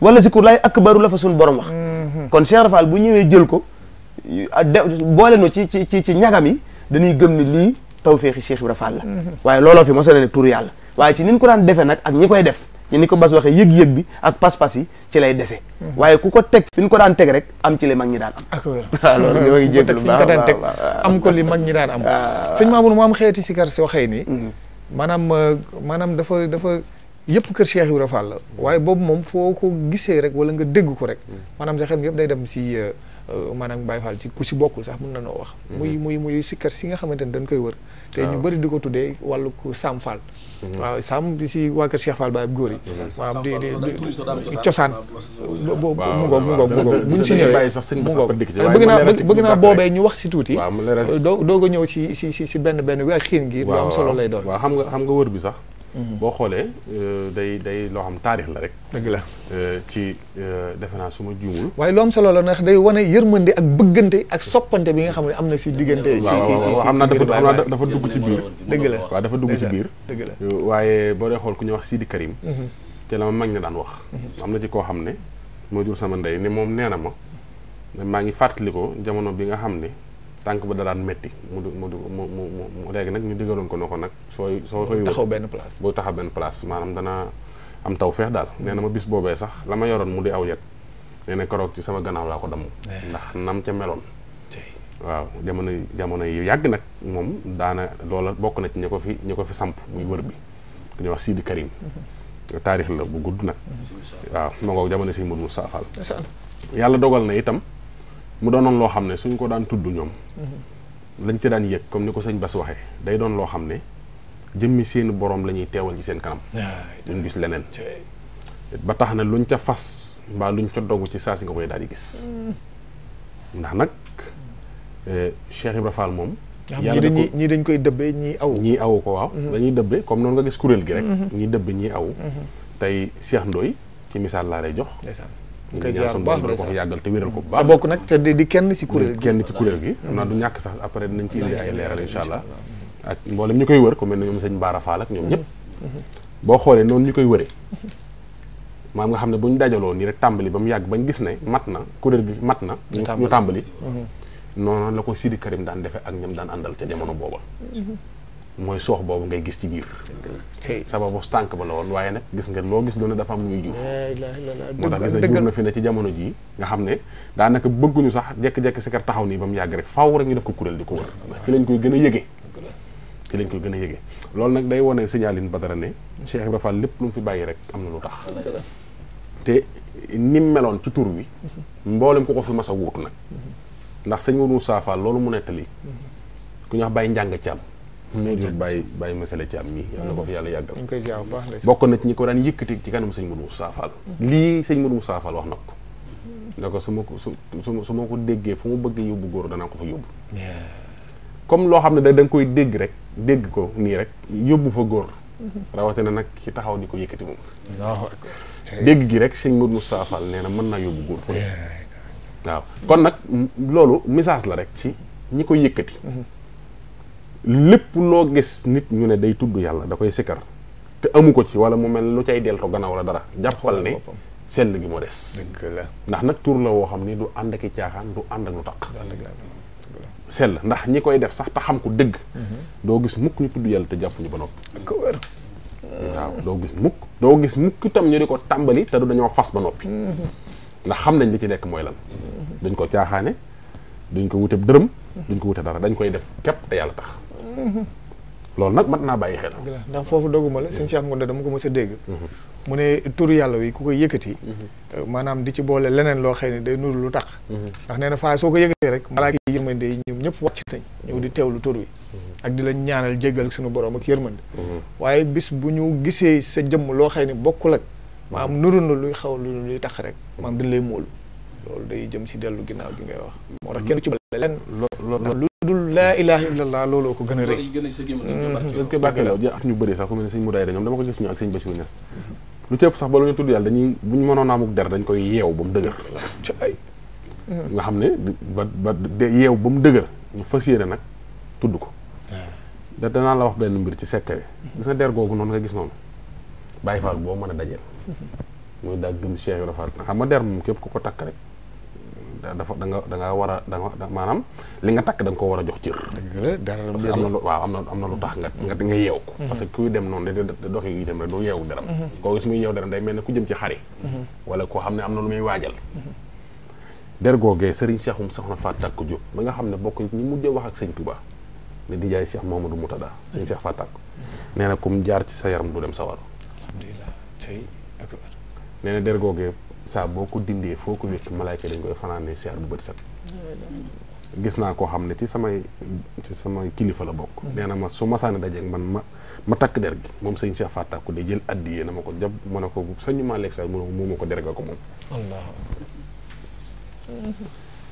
wala si kur lay akbaru la fa borom wax mhm. kon Cheikh Ibra bu ñëwee jël ko boole no ci ci ci ci ñagam yi dañuy gëm ni lii tawféexi Cheikh Ibra Fall la mhm. waaye looloo fi mos a ne tur yàlla waaye ci ko daan defee nag ak ñi koy def ñu ni ko bas waxee yëg-yëg bi ak pas-pas yi ci lay dese mhm. waaye ku ko teg fi ñu ko daan teg rek am ci li mag ñi daan am ak wér loolu ñu teg fi ñu ko am ko li mag ñi daan am ah, sëñ Mamour mu am xeeti sikar soo xëy ni mhm. maanaam euh, maanaam dafa dafa yëpp kër Cheikh Ibrahima Fall la waaye boobu moom foo ko gisee rek wala nga dégg ko rek mhm. maanaam sa xel mi yëpp day dem si euh, Euh, maanaam Baye Fall ci ku si bokkul sax mën na noo wax mhm. muy muy muy sikkar si nga xamante ne dañ koy wër te ñu bëri di ko tuddee wàllu Sam Fall mhm. waaw Sam bi si waa kër Cheikh Fall Baye góor yi mhm. waaw di di cosaan mu ngoog mu ngoog mu ngoog buñ si ñëwee mu ngoog bëgg naa boobee ñu wax si tuuti doo ko ñëw si si si si benn benn wi ak xiin gi lu am solo lay doon waaw xam nga xam nga wër bi sax Mhm. boo xoolee euh, day day loo xam taarix la rek. dëgg la euh, ci euh, defe naa su ma juumul. waaye lu am solo la ndax day wane yërmande ak bëggante ak soppante bi nga xam ne am na si diggante. si si dafa dugg ci biir. dëgg la dafa dugg ci biir. dëgg la waaye boo dee xool ku ñuy wax Sidi Karim. te mhm. la ma mag ña daan wax. Mhm. am na ci koo xam ne moo jur sama ndey ne moom nee na ma maa ngi fàttalikoo jamono bi nga xam ne. tànk ba daraan metti mu mu mu mu léegi nag ñu digaloon ko noo ko nag sooy soo koy taxaw benn place boo taxaw benn place maanaam danaa am taw feex daal nee na ma bis boobee sax la ma yoroon mu di aw yet nee na ci sama gannaaw laa ko damm eh. ndax nam ca meloon waaw jamono jamono yu yàgg nag moom daana loola bokk na ci ñi ko fi ñi ko fi samp muy wër bi ku ñuy wax Sidi Karim mm-hmm. taarix la bu gudd nag mm-hmm. waaw jamono si Modou Moustapha Fall yàlla dogal na itam mu doonoon loo xam ne suñ ko daan tudd ñoom mhm. lañ ci daan yëg comme ni ko sëñ Bass waxee day doon loo xam ne jëmmi seeni boroom la ñuy teewal ci seen kanam duñ gis leneen ba tax na luñ ca fas mbaa luñ ca dogg ci saa si nga koy daal di gis mm. ndax nag eh, Cheikh Ibra Fall moom ah, yàlla dañuy ñii dañ koy dëbbe ñii aw ñii aw ko waaw lañuy mm-hmm. dëbbe comme noonu nga gis kuréel gi rek mm-hmm. ñii dëbbe ñii aw mm-hmm. tey Cheikh ndoy ci misaal laa lay jox ñu koy ziar bu baax bokk nag te di kenn ci kuréel gi kenn ci kuréel gi. xam naa du ñàkk sax après dinañ ci koy wër ku mel ne ñoom sëñ Baara Fall ak ñoom ñëpp. boo xoolee noonu ñu koy wëree. maam nga xam ne bu ñu dajaloo nii rek tàmbali ba mu yàgg bañ gis ne mat na kuréel gi mat na. ñu tàmbali mhm. noonu la ko Sidi Karim daan defee ak ñoom daan àndal ca jamono booba. Mhm. moy sox bobu ngay gis ci sa bobu stank ba la woon waaye gis nga lo gis do ne dafa am lu juuf moo tax gis na juuf na fi ne ci jamono jii nga da ne bëggu ñu sax jek ci sikar taxaw ni bam yag rek faaw rek ñu def ko kurel di ko wër ci lañ koy gëna a ci lañ koy gëna a lool nak day wone signalin badara ne Cheikh Ibra Fall lu mu fi bayyi rek am na lu tax te nim melon ci tour wi mbolam ko ko fi massa wootu nak mm-hmm. ndax sëñ Moussa safa loolu mu netali ku ñu wax bay ci Modou Baye Baye Masala ci am mii yàlla na ko fi yàlla yàggal. ñu koy ziar bu baax bokk na ci ñi ko daan yëkkati ci kanam sëñ Modou Moustapha Fall. lii sëñ Modou Moustapha Fall na ko. ne ko su ma ko su su ma ko déggee fu mu bëgg yóbbu góor danaa ko fa comme loo xam ne da nga koy dégg rek dégg ko nii rek yóbbu fa góor. rawatina nag ki taxaw di ko yëkkati moom. dégg gi rek sëñ Modou mu Fall nee na mën naa yóbbu góor. waaw kon nag loolu message la rek ci ñi ko yëkkati. Mm-hmm. lepp lo gis nit ñu ne day tuddu yalla da koy sikkar te amu ko ci wala mu mel lu cay delto gannaaw wala dara jappal ne sel gi moo des ndax nak tur la wo xamni du and ak tiaxan du and ak lu taq sell ndax ñi koy def sax ta xam ko deug mhm. do gis mukk ñu tuddu yalla te ñu ba nopp ko wër waaw gis mukk do gis mukk tam ñu diko tambali te du dañoo fas ba noppi mhm. ndax xam nañ li ci nek moy lan mhm. dañ ko caaxaane duñ ko wute dërëm duñ ko wute dara dañ koy def kep te yalla tax loolu nag mat naa bàyyi xel. ndax foofu doguma la sëñ Cheikh Ngounda dama ko mës a dégg. Mhm. mu ne turu yàlla wi ku koy yëkkati. Mhm. Euh, maanaam di ci boole leneen loo xëy ne day nuru lu tax. Mhm. ndax nee na faa soo ko yëkkatee rek malaaka yi yërmande yi ñoom ñëpp wàcc nañ. ñëw di teewlu tur wi. ak di la ñaanal jéggal suñu borom ak yërmande. waaye bis bu ñu gisee sa jëmm loo xëy ne bokkul ak. maam nuru na luy xaw luy tax rek. maam dañ lay móolu. loolu day jëm si dellu ginnaaw gi ngay wax moo kenn ci lu nah, dul laa ilaha illallah looloo ko gën a dañ koy bàkkeeloo ak ñu bëri sax ku mel ne sëñ Mudaay dama ko gis ñu ak lu ci sax ba lu ñu tudd yàlla dañuy bu ñu amuk der dañ koy yeew ba mu dëgër ay nga xam ba ba yeew ba mu dëgër ñu fas yéene nag ko da danaa la wax benn mbir ci sekkare gis nga der nga gis gëm Cheikh xam nga der ko rek dafa da nga da nga war wara, da nga maanaam li nga takk da nga ko war a jox cër. dara parce que am na lu waaw am na am na lu tax nga nga nga yeew ko. Mhm. parce que kuy dem noonu da da doxee yi itam rek du yeewu deram. Mhm. koo gis muy yeewu deram day mel ne ku jëm ci xari mhm. wala koo xam ne am na lu muy waajal. der googee Serigne Cheikhoum Soxna Faat Tàkk Jóob ba nga xam ne bokk ñi mujj wax ak Sëñ Tuubaa ne di jaay Cheikh Mamadou Moutada Sëñ Cheikh Faat Tàkk nee kum jaar ci sa yaram du dem sawar. alhamdulilah tey ak nee na der googee saa boo ko dindee foo ko wékk malaayka dañ koy fanaanee seer bu bët set gis naa koo xam ne ci samay ci samay kilifa la bokk mm-hmm. nee na ma su masaane dajeeg man ma ma takk der gi moom sëñ Cheikh Fatta ko de jël addiyee na ma ko jàpp ma ne ko sëñ maa lekk sax mu ma ko derga ko moom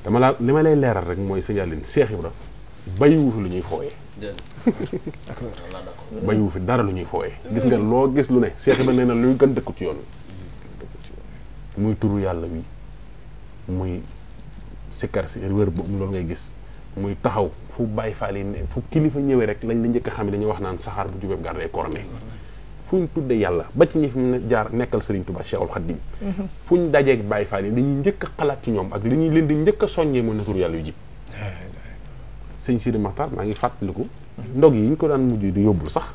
dama laa li ma lay leeral rek mooy sëñalin Cheikh Ibra bàyyiwu fi lu ñuy fooyee bàyyiwu fi dara lu ñuy fooyee gis nga mm-hmm. loo gis lu ne Cheikh ba nee na luy gën dëkkut yoon muy turu yàlla wi muy sikkar si wër bu loolu ngay gis muy taxaw fu bàyyi faal yi ne fu kilifa ñëwee rek lañ la njëkk a xam ne dañuy wax naan saxaar bu jubee garde corne fu ñu tuddee yàlla ba ci ñi mu jaar nekkal Serigne Touba Cheikhul Khadim mhm. fu ñu dajeeg bàyyi yi dañuy njëkk xalaat ci ñoom ak li ñuy leen di njëkk a soññee mooy na turu yàlla yu jib sëñ Sidi Maxtaar maa ngi fàttaliku ndog yi ñu ko daan mujj di yóbbul sax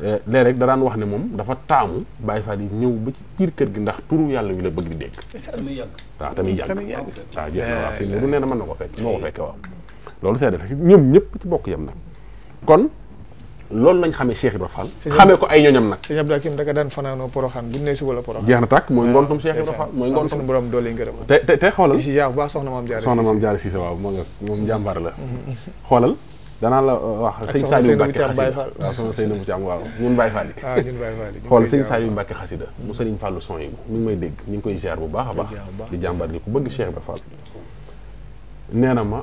léeg rek ran wax ne mom dafa taamu Baye Fall yi ñëw ba ci biir kër gi ndax turu yalla wi la bëgg di dégg. sa tamit yag ta ah, jeex yag ta jëf na du nee na mën na ko fekk mo fekk wa lolu loolu seede fekk ñoom ñëpp ci bokk yam nak kon lolu lañ xamé Cheikh ibrahim Fall xamé ko ay ñoñam nak cheikh Abdou da nga dan fanano poroxan bu ne ci wala poroxan jeex na tak moy ah, ngontum Cheikh ibrahim Fall mooy ngontum suñu borom doole ngërëm te te xolal ci jaar bu baax soxna maam jaar ci soxna maam jaar ci sa waaw mo nga mom jambar la mm-hmm. xolal danaa la euh, wax sëñ Saliou Mbacke xasida waaw soxna Seynabou Thiam waaw ñun Baye Fall yi ah, xool sëñ Saliou Mbacke xasida mu sëriñ Fallou son yi mi ngi may dégg ñu ngi koy ziar bu baax a baax di jàmbar li ku bëgg Cheikh Ibra Fall nee na ma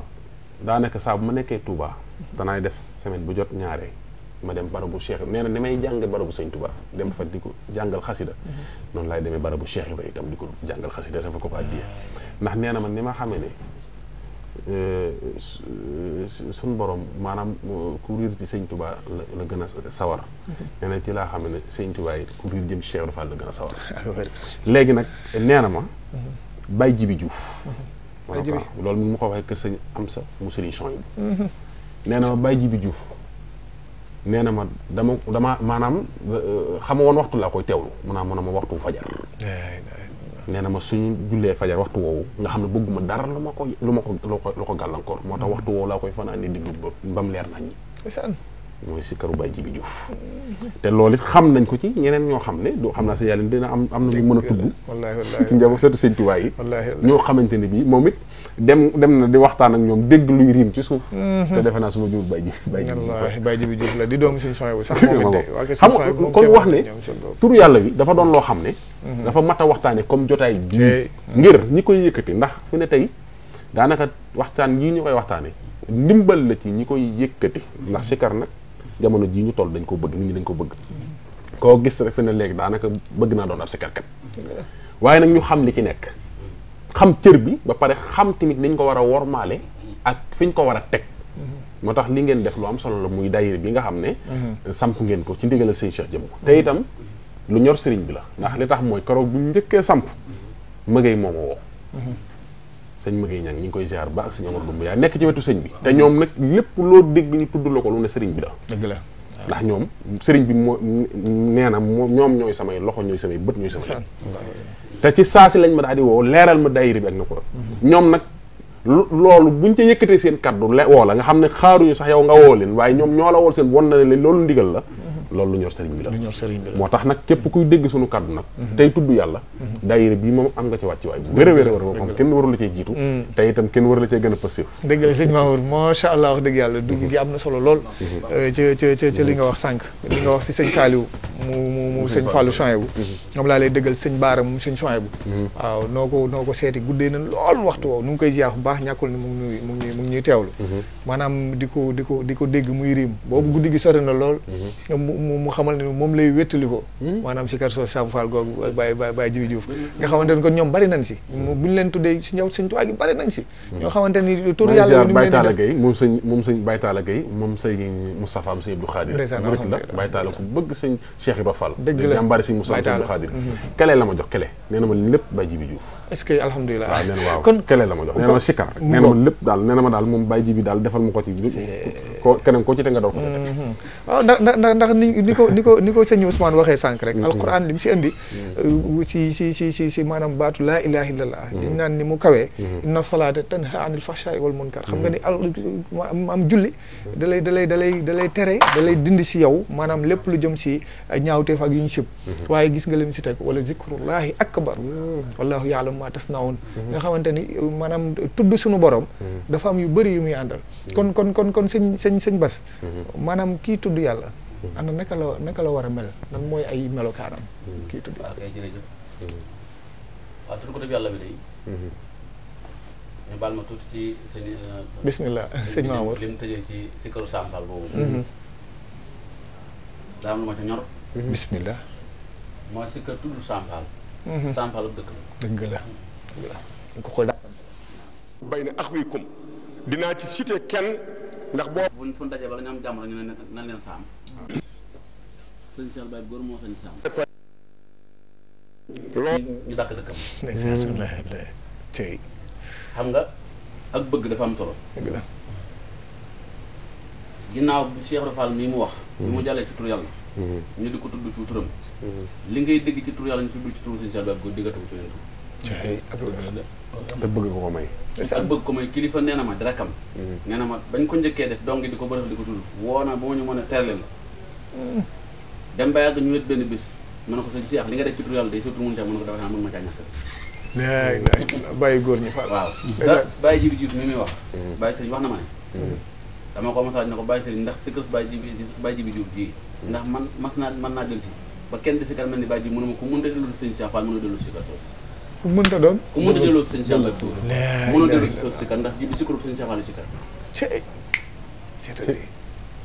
daanaka saa bu ma nekkee Touba danaay def semaine bu jot ñaare ma dem barabu Cheikh nee na ni may jànge barabu sëñ Touba dem fa di ko jàngal xasida mm-hmm. noonu lay demee barabu Cheikh Ibra itam di ko jàngal xasida dafa ko ko addiyee ndax nee na ma ni ma xamee ne E, e, suñ borom maanaam e, ku riir ci sëñ Touba la gën a sawar. Mhm. nee ci laa xam ne sëñ Touba yi ku riir jëm ci Cheikh la gën a sawar. léegi nag nee na ma. Mhm. Baye Jibi Diouf. Mhm. Baye Jibi loolu ko waxee kër sëñ Amsa mu sëriñ Chouaïbou. nee na ma Baye Jibi Diouf nee na ma dama dama maanaam xama woon waxtu laa koy teewlu mu naa mën a ma waxtu fajar. nee na ma suñu jullee fajar waxtu woowu nga xam ne bëgguma dara lu ma ko lu ma ko lu ko gàllankoor moo tax waxtu woowu laa koy fanaan di diglu ba mu leer nañ ñi mooy sikaru Baye Jibi Diouf te loolu it xam nañ ko ci ñeneen ñoo xam ne du xam naa si yàlla dina am am na ñu mën a tudd ci njaboot surtout sëñ Tuubaa yi ñoo xamante ne bii moom it dem dem na di waxtaan ak ñoom dégg luy riim ci suuf mhm. te defe naa suma jur Baye Jibi Baye Jibi Diouf la di doomu sëñ Sohaybu sax moom it xam nga kon wax ne turu yàlla bi dafa doon loo xam ne mhm. dafa mat a waxtaane comme jotaay ji mhm. ngir ñi koy yëkkati ndax fu ne tey daanaka waxtaan yii ñu koy waxtaane ndimbal la ci ñi koy yëkkati ndax sikar nag jamono jii ñu toll dañ ko bëgg nit ñi dañ ko bëgg koo gis rek fi ne léegi daanaka bëgg naa doon ab sikarkat waaye nag ñu xam li ci nekk xam cër bi ba pare xam tamit niñ ko war a wormaale ak fiñ ko war a teg moo tax li ngeen def lu am solo la muy daayira bi nga xam ne samp ngeen ko ci ndigalal sëñ jëm ko te itam lu ñor sëriñ bi la ndax li tax mooy keroog bu njëkkee samp mëgay mooma woo sëñ Maguette Niang ñu ngi koy ziar baax sëñ Omar Doumbia yaa nekk ci wetu sëñ bi. te ñoom nag lépp loo ñu tudd la ko lu ne sëriñ bi dëgg la ndax ñoom sëriñ bi moo nee na moo ñoom ñooy samay loxo ñooy samay bët ñooy samay. te ci saasi lañ ma daal woo leeral ma daayira bi na ko ñoom nag loolu buñ ca yëkkatee seen kaddu le woo la nga xam ne xaaruñu sax yow nga woo leen waaye ñoom ñoo la wool seen won na ne loolu ndigal la loolu lu ñor sëriñ bi la moo tax nag képp kuy dégg suñu kàddu nag mhm. tey tudd yàlla mhm. daayira bii moom am nga ci wàcc waay bu wér a wér mhm. a la cee yàlla dugg gi am na solo lool euh, ca nga wax sànq li nga wax si sëñ Saliou mu mu mu sëñ Fallou Choy laa lay dëggal sëñ Baara mu sëñ Choy bu waaw noo ko noo ko seeti guddee na lool waxtu woowu nu ngi koy ziar bu baax ñàkkul ni mu ngi ñuy mu ngi ñuy teewlu maanaam di ko di ko di ko dégg muy boobu guddi gi na lool mu mu xamal ne moom lay wéttalikoo hmm? maanaam si kar soo saabu faal googu ak bàyyi jibi juuf nga xamante ne ñoom bari nañ si hmm. bu ñu leen tuddee si njaw sëñ tuwaa gi bari nañ si hmm. ñoo xamante ni tur yàlla ni mu leen Baytaala Gay moom sëñ moom sëñ Baytaala Gay moom sëñ am sëñ Abdou Khadir murit la Baytaala ku bëgg sëñ Cheikh Ibra Fall dëgg la jàmbaari sëñ Moustapha Abdou Khadir kele la ma jox kele nee na ma lépp bàyyi jibi juuf est ce que alhamdulilah waaw nee na waaw kon kele la ma jox nee na ma sikar rek nee na ma lépp daal nee na ma daal moom bàyyi ji daal defal ma ko ci ko ci te nga door ko mhm. ndax ndax ni ko ni ko ni ko waxee sànq rek mhm. alquran li mu si indi mhm. si si si si si maanaam baatu laa ilaha illallah di ni mu kawee inna salaata tanha anil fahshaai wal munkar xam nga ni al am julli da lay da lay da lay lay tere da lay dindi si yow maanaam lépp lu jëm si ñaawteef ak yu ñu sib waaye gis nga lim si teg wala zikrullahi akbar wallahu yaalam maanaam maatas naawun nga xamante Manam maanaam suñu borom dafa am yu bëri yu muy andal kon kon kon kon sëñ sëñ sëñ bas maanaam ki tuddu yalla ana naka la naka la wara mel nan moy ay melokaanam kii tudd ay jërëjëf waaw tudd ko def yàlla bi day ñu baal ma tuuti ci sëñ euh, bismillah sëñ Mamour lim mu ci ci si sambal Sampal boobu mhm. daa am lu ma ñor bismillah mooy si kër tudd Sampal Mhm. sampal dëkk la. dëkk la dëgg la ñu ko xool wi kum dinaa ci cité kenn ndax boo. bu fu ñu dajee am jàmm rek ñu ne nan leen saam. sëñ Cheikh Baye góor moo sañ saam. loolu ñu dàkk dëkkam. alhamdulilah tey. xam nga ak bëgg dafa am solo. dëgg la. ginnaaw bi Cheikh Rafal mii mu wax. bi mu mhm. jàllee ci tur yàlla. Hmm. ñu di ko tudd ci turam hmm. li ngay dégg ci tur yàlla ñu tudd ci turu sëñ Saliou Abdou diggatu ko ci yeneen tur te bëgg ko ko may te bëgg ko may kilifa ma dara kam hmm. ma bañ ko def dong di ko bërëx di ko tudd woo na ba ma ñu mën a mana kau dem ba yàgg ñu wet benn bis mën ko sëñ Cheikh li nga def ci tur yàlla day sa tur mun caa bayi ko dafa nama mën ma caa bayi laay siklus bayi góor ñi waaw bàyyi jibi mi wax wax na ma ne dama ko ndax jibi jibi ndax man mas naa man naa dellu si ba kenn di si kanam ni bàyyi ji mënuma ku mënta dellu si sëñ Cheikh Fall mënoo dellu si Sikar ku mënta doon ku mënta dellu si sëñ Sikar si Sikar ndax ji bi Sikar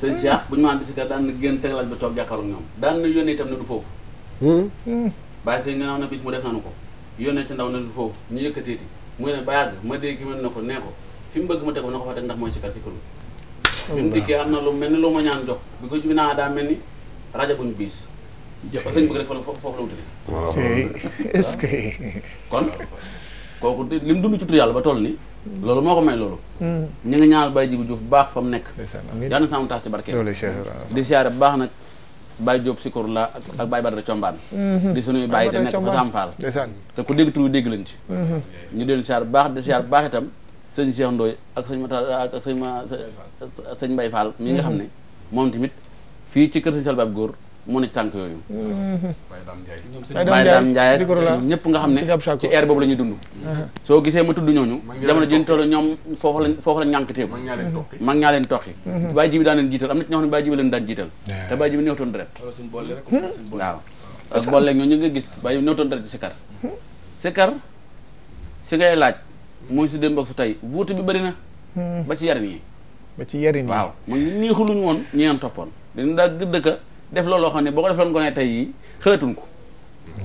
sëñ Cheikh bu ñu ma ànd Sikar daan na gën tegalal bi toog jàkkaaroo ñoom daan na yónnee tam ne du foofu hmm? Hmm. bàyyi sëñ nganaaw na bis mu def nanu ko yónnee ci ndaw ne du foofu ñu yëkkateeti mu ne ba yàgg ma dégg mën na ko nee ko fi mu bëgg ma teg ko na ko fa teg ndax mooy Sikar si bi mu dikkee am na lu mel ni lu ma ñaan jox ko bi naa daa mel ni rajo buñu biis ba sëñ bëgg la kooku li mu dund yàlla ba toll ni loolu moo ko may loolu hmm. ñu ñaanal Baye Djibi Diouf bu baax fa mu nekk yàlla na sama taas ci barke di siyaare bu baax nag Baye Diop Sikour la ak Baye Badara Combaan hmm. di suñuy bàyyi nekk ba Sam Fall te ku dégg tur dégg lañ ci hmm. ñu deen siyaare baax di siyaare bu baax itam sëñ Cheikh Ndoye ak sëñ Mata ak sëñ ma sëñ Mbaye Fall mi nga xam ne mm-hmm. moom tamit fii ci kër sëñ Salbaab góor moo ne tànk yooyu mm-hmm. Baye Dame Ndiaye ñëpp nga xam ne ci air boobu la ñuy dund uh-huh. soo gisee ma tudd ñooñu jamono ji ñu toll ñoom foofu lañ foofu lañ ñànkateeku mag ñaa leen toqi mm-hmm. Baye Jibi daan leen jiital am na ci ñoo xam ne Baye Jibi leen daan jiital te Baye Jibi néewtoon deret hmm? waaw ak boole ñoo ñu nga gis Baye Jibi néewtoon deret ci sikar hmm? sikar si ngay laaj mooy si démb ak su tey wuute bi bëri na. Hmm. ba ci yarin yi. ba ci yarin yi waaw mooy nii xuluñ woon ñi ngeen toppoon. dañu daal gëdd def loolu loo xam ne boo ko defaloon ko ne tey yi xëyatuñ ko.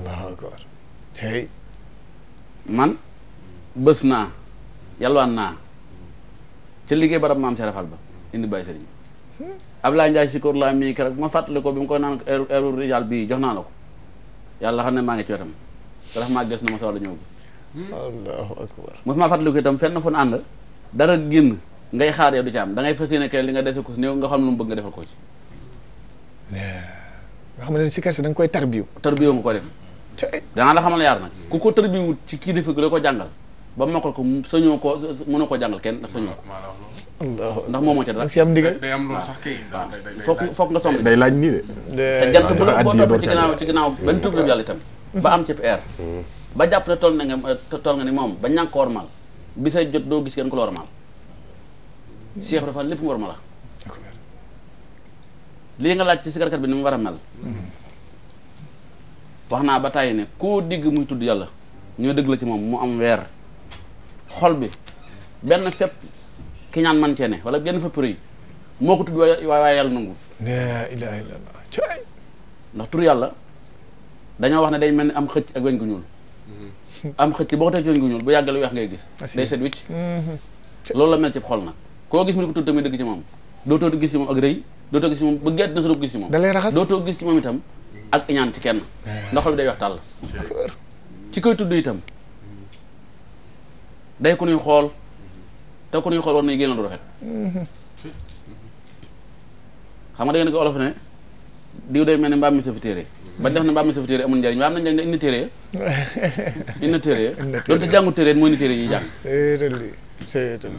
allahu man bës naa yalwaan naa ca liggéey barab maam Serap Fall ba indi bàyyi sëriñ hmm. Abdoulaye Ndiaye si kóor laa mii keroog bu ma fàttali ko bi mu koy naan heure er, heure rijal bii jox naa la ko yàlla xam ne maa ngi ci wetam te dafa maa gis na ma sa wàllu ñëw allahu akbar mos maa fàttaliku itam fenn fu nu ànd dara génn ngay xaar yow du ci am da ngay fas yéene kay li nga defe ko si new nga xam lu mu bëgg nga defal ko ci nga xam ne si kersi da koy tarbiyu tarbiyu nga ko def danaa la xamal yaar nag ku ko tarbiyu ci kii defi la ko jàngal ba mokkal ko sañoo ko mënoo ko jàngal kenn ndax sañoo ko ndax moomoo ca dara si am ndigal day am loolu sax kay foog foog nga somb day laaj nii de te jant bu la ci ginnaaw ci ginnaaw benn tëb yàlla itam mm-hmm. ba am ci PR mm-hmm. ba japp te tol na nga tol nga ni mom ba ñank wormal bi sa jot do gis ken ko la Cheikh Ibra lepp lépp la li nga laaj ci sikarkat bi ni mu wara mel waxna ba tay ne ko digg muy tudd yalla ñoo degg la ci mom mu am wer xol bi ben fep ki ñaan man ci ne wala benn fépp rëy moko tudd waaye waaye nangu la ilaha illallah ndax tur yalla dañu wax ne day melni am xëcc ak weñ gu am xëcc boo ko teg ci ñu ñuul bu yàgg la weex ngay gis ah, day set mhm. loolu la mel ci xol nag koo gis mu di ko tudd tamit dëgg ci moom dootoo gis ci moom ak rëy dootoo gis ci moom ba gedd na sa doo gis ci moom da gis ci moom itam ak iñaan ci kenn ndax xol bi day weex tàll ci koy tudd itam day ku ñuy xool te ku ñuy xool war nañu génn lu rafet mhm. xam nga da ngeen ko olof ne diw day mel ni mbaam mi sa fi téere ba def na ba am na safu amul ndariñ ba am na njëriñ indi téere indi téere doonte jàngu téré mo ni téré yi jang seetal li fi tam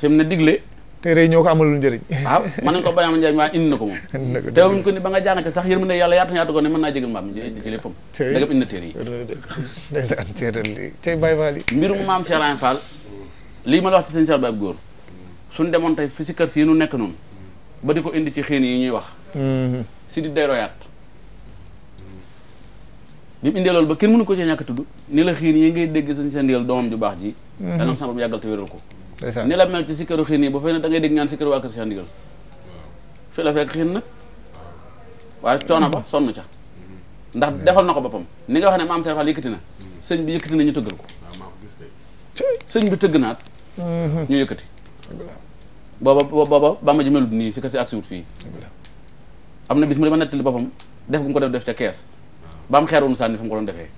fim na diglé téré ñoko amul ndariñ njëriñ waaw mën nañ ko bañ amal ndariñ waaye indi nako ko té wuñ ko ni ba nga jang ci sax yërmu ne yalla yaatu ñatu ko ne man na jëgël mbam ci ci leppam da nga indi téré yi ndeysaan téré li tay bay wali mbiru mbirum maam Cheikh Ibrahima Fall lii ma la wax ci seen Cheikh Baye góor suñ demoon tey fi ci kër ci ñu nekk noonu ba diko indi ci xéen yi ñuy wax si di day royaat bi mu indee loolu ba kenn mënu ko cee ñàkk tudd ni la xiin yi ngay dégg sañ seen ndigal doomam ju baax ji mhm. yàlla sama borom yàggal te wéral ko ni la mel ci sikkaru xiin yi ba fay ne waa kër seen ndigal fi la fekk ndax mhm. defal na ko boppam ni nga wax ne maam Seex Faal na mhm. sëñ bi yëkkati na ñu tëggal ko sëñ bi tëgg naat ñu yëkkati booba booba bamba ji melut nii si kasi ak siwut fii am na bis mu dama nettali boppam def gu ko def def ca kees ba mu xeeru sànni fu mu ko doon defee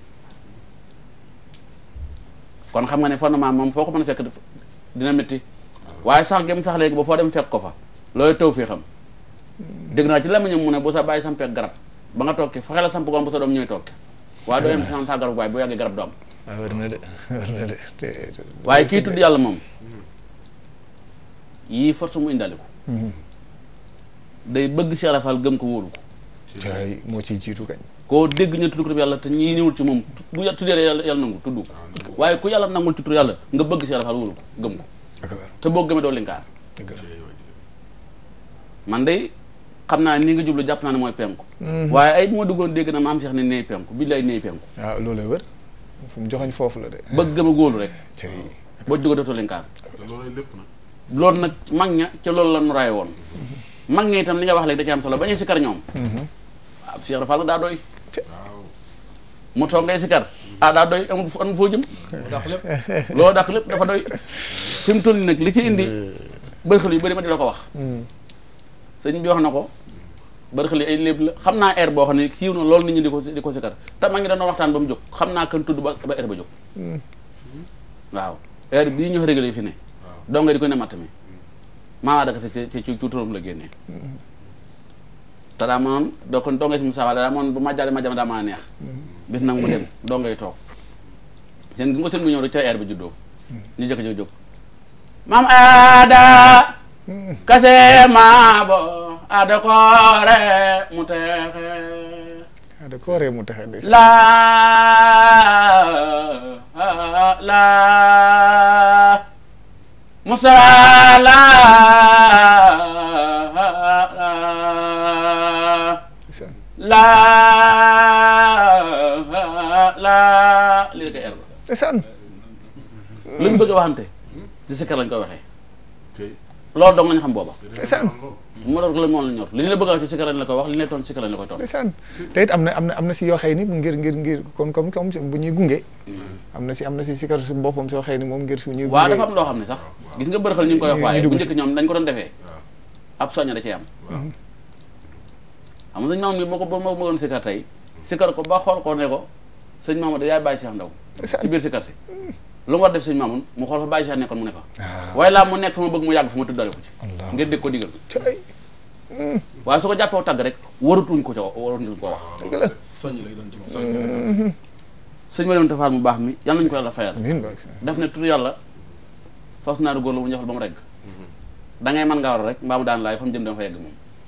kon xam nga ne fondement moom foo ko mën a fekk dina métti waaye sax gem sax léegi ba foo dem fekk ko fa loolu taw fii xam dégg naa ci lamiñam mu ne bu sa bàyyi sampee garab ba nga tokki faxe la samp goom bu sa doom ñooy tokki waaye doo yem si sa garab baay bu yàggee garab doom ah, waaye kii yàlla moom yii force mu indaale ko hmm. day bëgg Cheikh Rafal gëm ko wóolu ko moo ciy jiitu kañ koo dégg ñu tudd ko yàlla te ñi ñëwul moom bu tuddee yàlla yàlla nangu tudd ah, waaye ku yàlla nangul ci tur yàlla nga bëgg si rafal wóolu ko gëm ko te boo gëmee doo linkaar man day xam naa ni nga jublu jàpp naa ne mooy penku mhm. waaye ay moo duggoon dégg na maam Cheikh ne nee penku lay nee penku waaw ah, loolay wër fu mu joxoñ foofu la de bëgg gëm a rek boo ci dugg dootoo linkaar loolu nag mag ña ca loolu la nu raay woon mhm. mag ña itam li nga wax léegi da ci am solo bañee si kar ñoom waaw mhm. Cheikh mu toog ngay sikar ah daa doy amul foo jëm. dàq lépp loo dàq lépp dafa doy fi mu toll nag li ci indi bërxël yu bëri ma di la ko wax. sëñ bi wax na ko bërxël yi ay léeb la xam naa air boo xam ne siiw na loolu di ko te maa ngi daan xam naa kan tudd ba ba air ba jóg. waaw air bii ñu réglé fi ne. waaw di ko ne matt mi. maa waa daka ci ci ci turam la génnee. te daa mënoon donc ndongo si Moussa Wade daa mënoon ma jàllee ma ma ya. neex. Hmm. bis nak mu dem do ngay tok sen gi nga mu ñëw rek air bi juddo ni jëkk-jëkk jóg mam ada hmm. kase ma bo ko re mu texe ko re mu texe la la musala la la lii koy ergo. ndeysaan. lu ñu bëgg a waxante. ci sikkar lañ koy waxee. loolu dong lañ xam booba. ndeysaan. moo la loolu moo la ñor li ñu la bëgg a wax ci sikkar lañ la koy wax li ñu lay toon sikkar lañ la koy toon. ndeysaan te it am na am na am na si yoo xëy ni ngir ngir ngir kon comme comme bu ñuy gunge. am na si am na su boppam soo xëy ni moom ngir suñuy. gunge waaw dafa am loo xam sax. gis nga bërëxal ñu koy wax waaye bu njëkk ñoom dañ ko doon defee ab soñña da cee am am sëñ Mamadou mi boo ko ba ma bëggoon sikar tey sikar ko ba xool ko ne ko sëñ Mamadou yaay bàyyi Cheikh Ndaw ci biir sikar si lu mu war def sëñ Mamadou mu xool fa bàyyi Cheikh nekkoon mu ne fa ah. waaye laa mu nekk fa ma mu yàgg fa ma tëddale ko ci ko digal hmm. waaye su ko jàppee tàgg rek warutuñ ko ca warutuñ ko wax soññ lay doon ci moom hmm. sëñ ma dem tafaar mu baax mi yàlla nañu ko yàlla fayal daf ne tur yàlla fas naaru góor la mu ñaxal ba mu regg hmm. da ngay mën ngaa war rek mbaa mu daan laay fa mu jëm dama fa yegg moom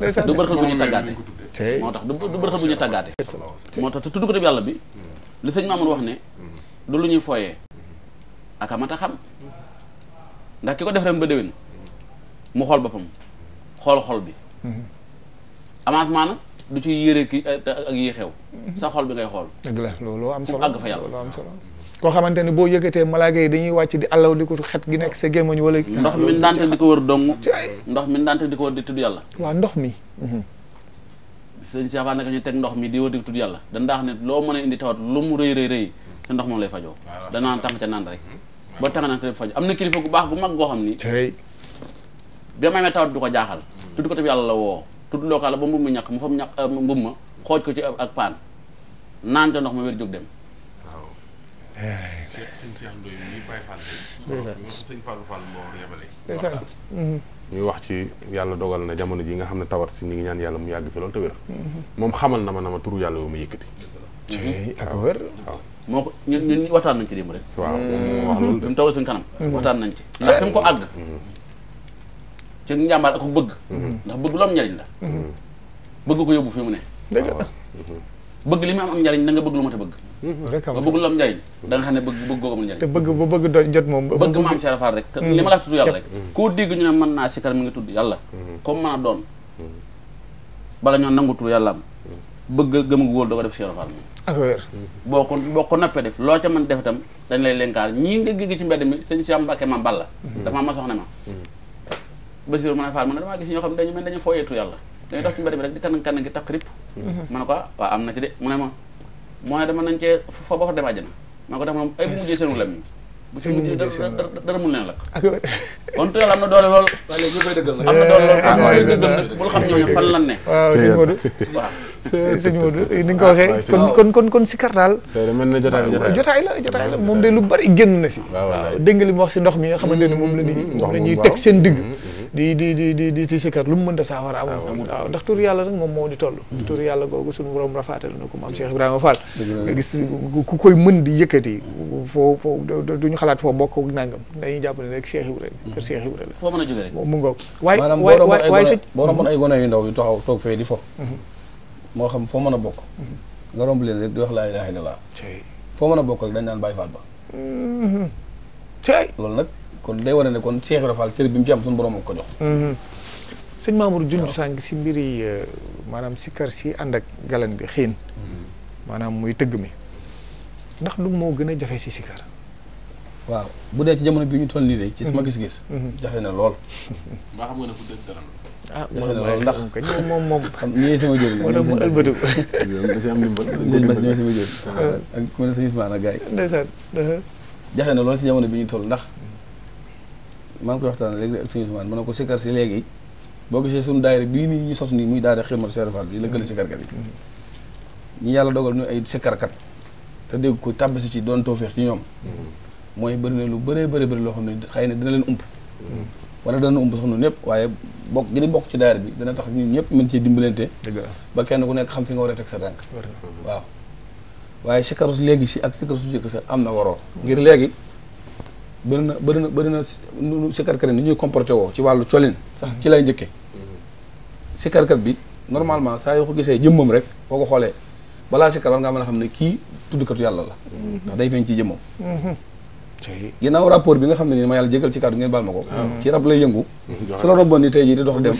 du bërxal bu ñu tàggaate moo tax du bërxal bu ñu tàggaate moo tax te tudd ko def yàlla bi hmm. li sëñ Mamour wax ne du lu ñuy fooyee hmm. ak a xam ndax ki ko def ren ba déwén mu xool boppam xool xool bi hmm. avancement na du ci yére ki ak yi xew sa xool bi ngay xool dëgg la loolu am solo àgg fa yàlla koo xamante ne boo yëkkatee malaaka yi dañuy wàcc di allaw di ko xet gi nekk sa gémmañ wala ndox mi daante di ko wër dong ndox mi daante di ko wër di tudd yàlla waaw ndox mi mhm. sëñ Cheikh naka ñu teg ndox mi di wër tudd yàlla dandaax daax loo mën a indi tawat lu mu rëy rëy rëy te ndox moom lay fajoo danaa tàng ca naan rek ba tàng naan te faj am na kilifa gu baax gu mag goo xam ni bi ma amee tawat du ko jaaxal hmm. tudd ko tam yàlla la woo tudd lookaa la ba mu ñàkk mu fam ñàkk mbub ma xooj ko ci ak paan naan ca ndox ma wér jóg dem sëñ Cheikh Ndoye mii Baye Fall moo yebale ñuy wax ci yàlla dogal na jamono ji nga xam ne tawat si ñi ngi ñaan yàlla mu yàgg fi loolu te wér moom xamal na ma na ma turu yàlla ma yëkkati ci ak wér waaw moo ci démb rek waaw wax loolu mu mm-hmm. taw suñ kanam mm-hmm. waxtaan nañ ci ndax fi ko àgg mm-hmm. ci njàmbaar ak bëgg ndax bëgg lu am njariñ la bëgg ko yóbbu fi mu ne bëgg li ma am am njariñ da nga bëgg lu ma ta bëgg hmm, rek am bëgg lu am njariñ da nga xam ne bëgg bëgg googu am njariñ te bëgg bu bëgg do jot moom bëgg ma am Cheikh Fall rek hmm. li ma la tudd yàlla rek koo dégg ñu ne mën naa si kar mi ngi tudd yàlla hmm. comme mën a doon bala ñoo nangu tudd yàlla am bëgg gëm gu wóor da ko def Cheikh Fall ak wér boo ko boo def loo ca mën def itam dañ lay lenkaar ñii nga gégg ci mbedd mi sëñ Cheikh Mbacke balla dafa ma soxna ma na gis xam dañu mel dañu day dox ci mbedd bi rek di kanam kanam gi takk rip mhm. ma ne ko am na ci de mu ne ma mooy dama nañ cee fa boo ko dem àjjana ma ne ko ay bu mujjee seen lam yi bu si mujjee dara mun leen lakk kon tuyal am na doole lool am na doole lool bul xam ñooñu fan lan ne waaw Eh, sëñ Modou ah, eh, ni waxee kon kon kon kon sikar daal jotaay la jotaay la moom de lu bari génn na si waaw dégg li mu wax si ndox mi nga xamante ne moom la ñuy mm-hmm. moom la ñuy teg seen digg mm-hmm, mm-hmm. di di di di di ci sikar lu mu mën saafara ah, amul waaw ndax tur yàlla nag moom moo di toll tur yàlla googu suñu borom rafaatal na ko maam Cheikh Ibrahima Fall nga gis ku koy mën di yëkkati foo foo ñu xalaat foo bokk ak nangam dañuy jàpp ne rek Cheikh Ibrahima kër Cheikh Ibrahima la mu ngoog waaye waaye waaye sëñ boo romboon ay yu ndaw yu taxaw toog moo xam foo mën a bokk. nga romb leen rek di wax laa ilaaha illallaah. foo mën a bokk rek dañ naan Baay Faal ba. Mm-hmm. tey loolu nag kon day wane ne kon Cheikh Ibra cër bi mu ci am suñu borom ko jox. Mm-hmm. sëñ Mamour junj sàng si mbiri euh, maanaam si kar si ànd ak galan bi xiin. Mm-hmm. maanaam muy tëgg mi ndax du moo gën a jafe si sikar waaw bu dee ci jamono bi ñu toll nii de. ci sama gis-gis. jafe na lool. ah moom ndax moom moom am ndimbal ñooñu bas ñoo sama jóg ah. ak ku ne sëñ Ousmane ak uh-huh. na loolu si jamono bi ñu toll ndax maa ngi koy waxtaan léegi ak sëñ Ousmane mën a ko sikkar si léegi boo gisee suñu daayira bii nii ñu sos nii muy daayira xilmatu Cheikh Fall bi lëkkale sikkarkat yi mm-hmm. ñu yàlla dogal ñu ay sikkarkat te dégg ko tàbbasi ci doon toofeex ci ñoom mm-hmm. mooy bëri na lu bëree bëri bëri loo xam ne xëy na dina leen ump mm-hmm. wala dana ëmb sax noonu ñëpp waaye bokk gi di bokk ci daayira bi dana tax ñun ñëpp mën cee dimbalante ba kenn ku nekk xam fi nga war a teg sa tànk waaw waaye sikkaru léegi si ak sikkaru su jëkk sa am na waroo ngir léegi bëri na bëri na bëri na sikkarkat ni ñuy comporté woo ci wàllu colin sax ci lay njëkke sikkarkat bi normalement saa yoo ko gisee jëmmam rek boo ko xoolee balaa sikkar war ngaa mën a xam ne kii tuddkatu yàlla la mhm. ndax day feeñ ci jëmmam mhm. ginnaaw rapport bi nga xam ne nii ma yàlla jégal ci kàddu ngeen baal ma ko ah. ci rab lay yëngu su la robon ni tey di dox dem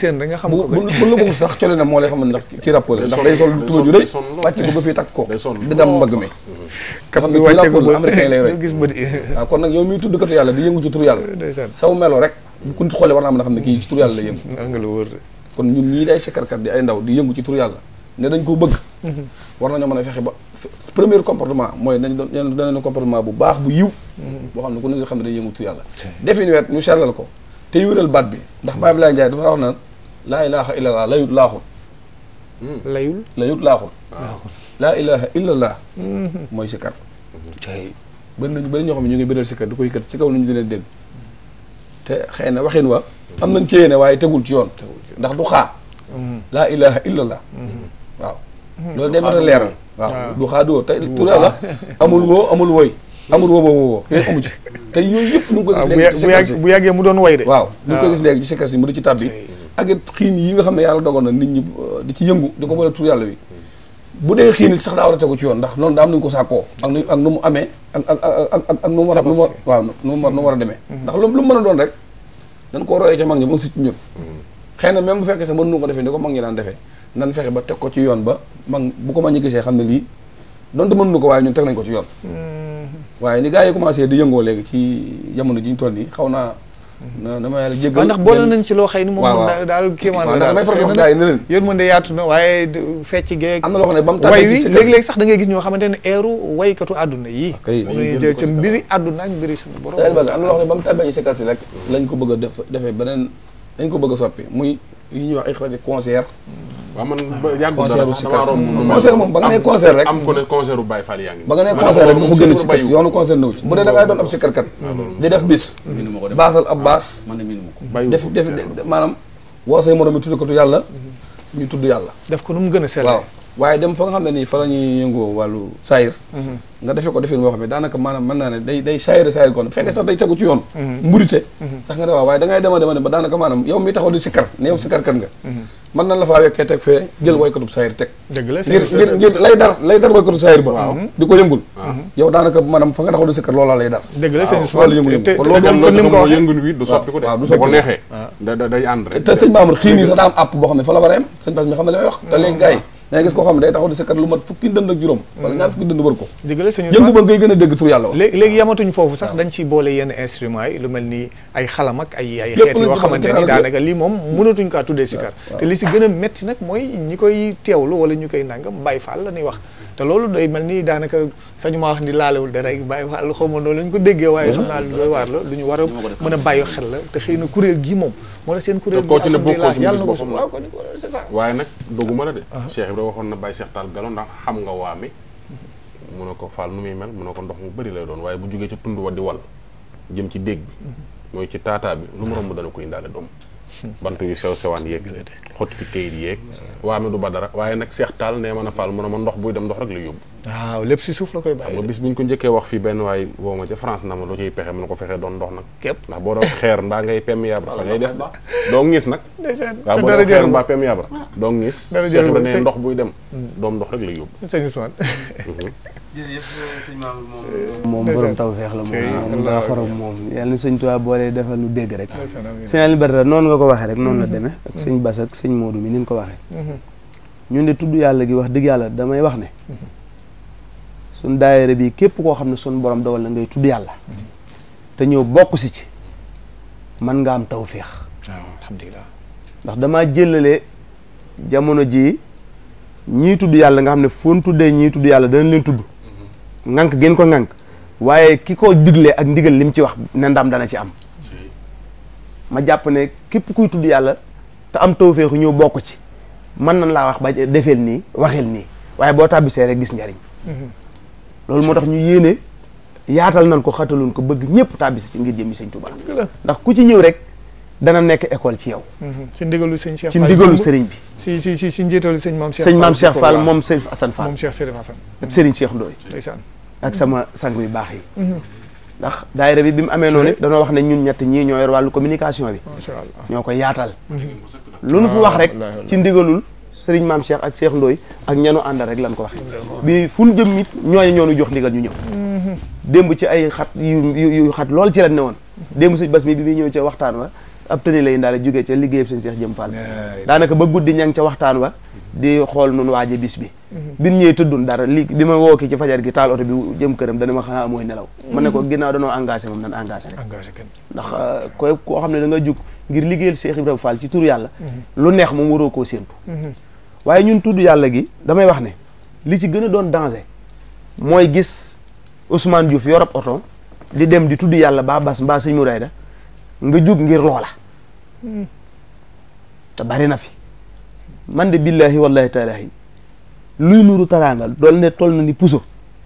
bu la bëgg sax cole na moo lay xam ne ndax kii rapport lay ah, yëngu ci tur yàlla saw melo rek ku nit xoolee war naa a xam ne kii ci tur yàlla la yëngu kon ñun ñii day sikkarkat di ay ndaw di yëngu ci tur yàlla ne dañ koo bëgg war nañoo mën a fexe ba premier comportement mooy nañ doon yàlla danañ comportement bu baax bu yiw mhm. boo xam ne ku ne xam ne dañuy yëngutu yàlla defin weet ñu sellal ko te wéral baat bi ndax Baye Abdoulaye Ndiaye dafa wax naan laa ilaha illallah layut laaxul hmm. layul layut laaxul laa ilaha illallah mhm. mooy sikar mhm. bëri nañu bëri ñoo xam ne ñu ngi biral sikar di ko yëkkat ci kaw nañu dina dégg te xëy na waxin wa am nañ ci yéene waaye tegul ci yoon ndax du xaa laa ilaha illallah waaw loolu de mën a leeral waaw ah. du xaadoo tey ah. tura la amul woo amul woy amul woo boobu woo yooyu eh, amu ci te yooyu yëpp nu ngi ko gis ah, léegi bu yàggee mu doon woy de waaw nu ngi ko gis léegi ci sekkars yi mu xiin yi nga xam ne yàlla dogoon na nit ñi euh, di ci yëngu di ko boole tur yàlla wi bu dee xiin sax daa war a tegu ci yoon ndax noonu daa am nañu ko sàkkoo ak nu mu amee ak ak ak nu mu war nu mu war waaw nu mu war a mu war a demee mm-hmm. ndax lu lu mën a doon rek dañ koo royee ca mag ñi ba mu si ñun mm-hmm. xëy na même bu fekkee sax mën ko defee ni ko mag ñi nan fexe ba teg ko ci yoon ba man bu ko ma ñu gisee xam ne lii donte mën nu ko waaye ñun teg nañ ko ci yoon mm-hmm. waaye ni gars yi commencé di yëngoo léegi ci jamono ji ñu toll nii xaw naa mm-hmm. na dama yàlla jéggal ah, ndax boole nañ si loo xëy ni moom daal kéemaan la damay faral gars yi ne leen yéen na waaye fecc geeg am na loo xam ne ba mu tàggee way wi léegi sax da ngay gis ñoo xamante ne eeru waykatu àdduna yi jël ca mbiri àdduna na loo xam ne ba mu tàbbee si rek lañ ko bëgg a def defee beneen dañ ko bëgg soppi muy yi ñuy wax ay xeeti concert mm-hmm. waaw man moom ba nga nee concert rek am ko ne concert bu Baye Fall yaa ko gën a sikkat si yoonu concert naw ci bu dee da doon ab sikkarkat di def bis baasal ab baas def def maanaam woo say morom yi tudd ko tu yàlla ñu tudd yàlla def ko nu mu gën a sell waaye dem fa nga xam ne nii fa la ñuy yëngoo wàllu saayir mhm. nga defee ko defee boo xam ne daanaka maanaam mën naa ne day day saayir saayir kon fekkee sax day tegu ci yoon mhm. mburite mhm. sax nga ne waaye da dema dema ne ba daanaka maanaam yow mi taxaw di sikkar lay loolaa lay dar dëgg la sëñ loolu yëngu yëngu de waaw ko neexee da day ànd rek te sëñ Mamour xii nii sax daa am boo xam ne fa la war a yem sëñ mi xam ne li may te léegi gars dangay koo xam ne day taxaw di sakkat lu mat fukki dënd ak juróom wala ñaar fukki dënd wër ko dëgg la a dégg tur yàlla wa léegi yamatuñ foofu sax dañ si boole yenn instruments yi lu mel ni ay xalam ak ay xeet yoo xamante ni daanaka lii moom mënatuñ kaa tuddee sikar te li si gën a metti nag mooy ñi koy teewlu wala ñu koy nàngam bàyyi faal la ñuy wax te loolu day mel ni daanaka sañu ma wax ni laalewul dara bàyyi faal xaw ma noonu lañ ko déggee waaye xam naa lu doy waar la lu ñu war a mën a bàyyi xel la te xëy na kuréel gii moom moo tax koo ci ne bokkoo ci ko waaw kon c'est ça waaye nag bëgguma la de Cheikh Ibrahima waxoon na bay Cheikh taal Galo ndax xam nga waame mu ne ko faal nu muy mel mu ne ko ndox mu bëri lay doon waaye bu jógee ci tund wa di wal jëm ci déeg bi mooy ci taataa bi lu mu romb dana ko indaale doom bant yu sew sewaan yeeg xott bi kayit yeeg du ba dara waaye nag seex taal nee mën a faal mu ne ma ndox buy dem ndox rek la yóbbu waaw lépp si suuf la koy bàyyi bis ko njëkkee wax fii benn waay woo ma France na ma lu ciy pexe mën ko fexee doon ndox nag képp ndax boo doon xeer mbaa ngay pem yabra fa ngay des doo ngis nag waaw boo doon xeer mbaa pem yabra doo ngis ne ndox buy dem mm. doom ndox rek la yóbbu sëñ Ousmane mhm. jërëjëf sëñ Mamadou moom. moom tawféex la moom moom daa xorom moom yàlla na sëñ Tuubaa boole defal nu dégg rek. sëñ Alberta noonu nga ko waxee rek noonu la mm-hmm. deme ak sëñ mm-hmm. Bass ak sëñ Modou mi ni ko waxee. Mm-hmm. ñun de tudd yàlla gi wax dëgg yàlla damay wax ne. suñ daayira bi képp koo xam ne suñ borom dogal na ngay tudd yàlla. te ñëw bokk si ci. man nga am tawféex. ndax damaa jëlale jamono ji ñii tudd yàlla nga xam ne foo tuddee ñii tudd yàlla danañ leen tudd. ŋànk gën ko ŋànk waaye ki ko diglee ak ndigal li ci wax ne ndam dana ci am ma jàpp ne képp kuy tudd yàlla te am tawféexu ñëw bokk ci mën nan laa wax ba defeel nii waxeel nii waaye boo tàbbisee rek gis njariñ mhm. loolu moo tax ñu yéene yaatal nan ko xataluñ ko bëgg ñëpp tàbbisi ci ngir jëmi sëñ Tuubaa ndax ku ci ñëw rek dana nekk école ci yow. Mhm. ci ndigalu sëñ Cheikh Fall ci ndigalu sëriñ bi. si si si si njiitalu sëñ maam Cheikh Fall sëñ ak sama sang yu baax yi. Mhm. ndax daayira bi bi mu amee noonu it wax ne ñun ñett ñi ñoo yor wàllu communication bi. macha ñoo ko yaatal. Mhm. lu nu fi wax rek ci ndigalul sëriñ maam Cheikh ak Cheikh Ndoye ak ñanu àndal rek lan ko wax bi fu ñu jëm ñoo ñu jox ndigal ñu ñëw. démb ci ay xat yu xat lool ci la ne woon démb sëñ bas mi bi muy ñëw ci waxtaan wa ab tëli lay indaale jógee ca liggéeyam sëñ Seex jëm Fall daanaka ba guddi ña ngi ca waxtaan wa di xool nun waaje bis bi mhm. bin ñëwee tëddun dara li bi ma woo kii ci fajar gi taal oto bi jëm këram dana ma xanaa amooy nelaw ma ne ko mhm. ginnaaw danoo engagé moom nan engagé rek ndax euh, koy koo xam ne da nga jug ngir liggéeyal Seex Ibrahima Fall ci tur yàlla mhm. lu neex moom waroo koo séentu waaye ñun tudd yàlla gi damay wax ne li ci gën a doon danger mooy gis Ousmane Diouf yorop oto di dem di tudd yàlla baa bas mbaa sëñ Mourayda nga jóg ngir loola hmm. te bari na fi man de billaahi wallaahi taalaahi luy nuru taraangal dool ne toll na ni puso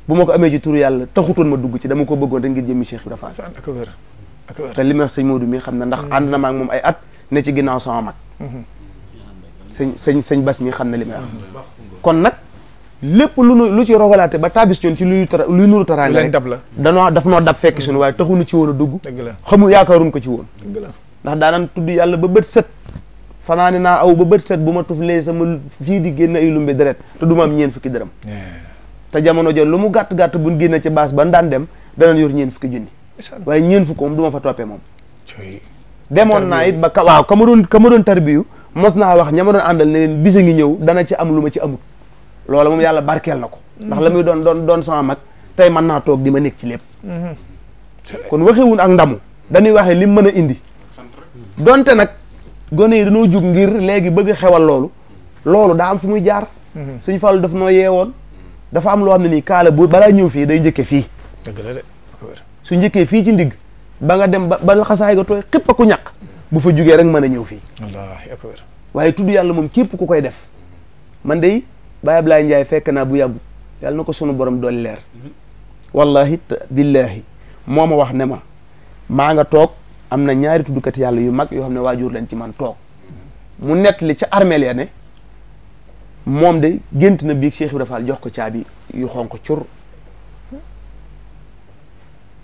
bu ma ko amee ci turu yàlla taxutoon ma dugg ci dama ko bëggoon rek ngir jëmmi Cheikh Ibrahima Fall te li ma sëñ Modou mi xam na ndax ànd na ma moom ay at ne ci ginnaaw sama mag hmm. sëñ sëñ Bas mi xam na li may kon nag lépp lu nu lu ci rogalaate ba tabis ñun ci luy luy nuru taraanga rek danoo daf noo dab fekk suñu waaye taxunu ci woon a dugg xamul yaakaaruñ ko ci woon ndax daanaan tudd yàlla ba bët set fanaane naa aw ba bët set bu ma tuflee sama fii di génn ay lumbe deret te duma am ñeen fukki deram te jamono jo lu mu gàtt-gàtt bu buñ génne ci baas ban daan dem danañ yor ñeen fukki junni waaye ñeen fukk moom du ma fa toppee moom demoon naa it ba waaw ka ma doon ka ma doon tarbiyu mos naa wax ña ma ne leen bisa ngi ñëw dana ci am lu ma ci amut loola moom yàlla barkeel na ko ndax la muy doon doon doon sama mag tey mën naa toog di ma nekk ci lépp kon waxewun ak ndamu dañuy waxee lim mën a indi donte nag gone yi dañoo jug ngir léegi bëgg xewal loolu loolu daa am fu muy jaar suñ fàllu daf noo yeewoon dafa am loo ne nii kaala bu balaa ñëw fii day njëkkee fii dëgg su njëkkee fii ci ndigg ba nga dem ba ba laxasaay ga tooy xépp ku ñakk bu fa jugee rek mën a ñëw fii waaye tudd yàlla moom képp ku koy def man day Baye Ablaye Ndiaye fekk naa bu yàggut yàlla na ko sunu borom doon leer wallahi billahi moo ma wax ne ma maa nga toog am na ñaari tuddukat yàlla yu mag yoo xam ne waajur lañ ci man toog mu nett li ca armeel ya ne moom de gént na biig Cheikh Ibra Fall jox ko caabi yu xonq cur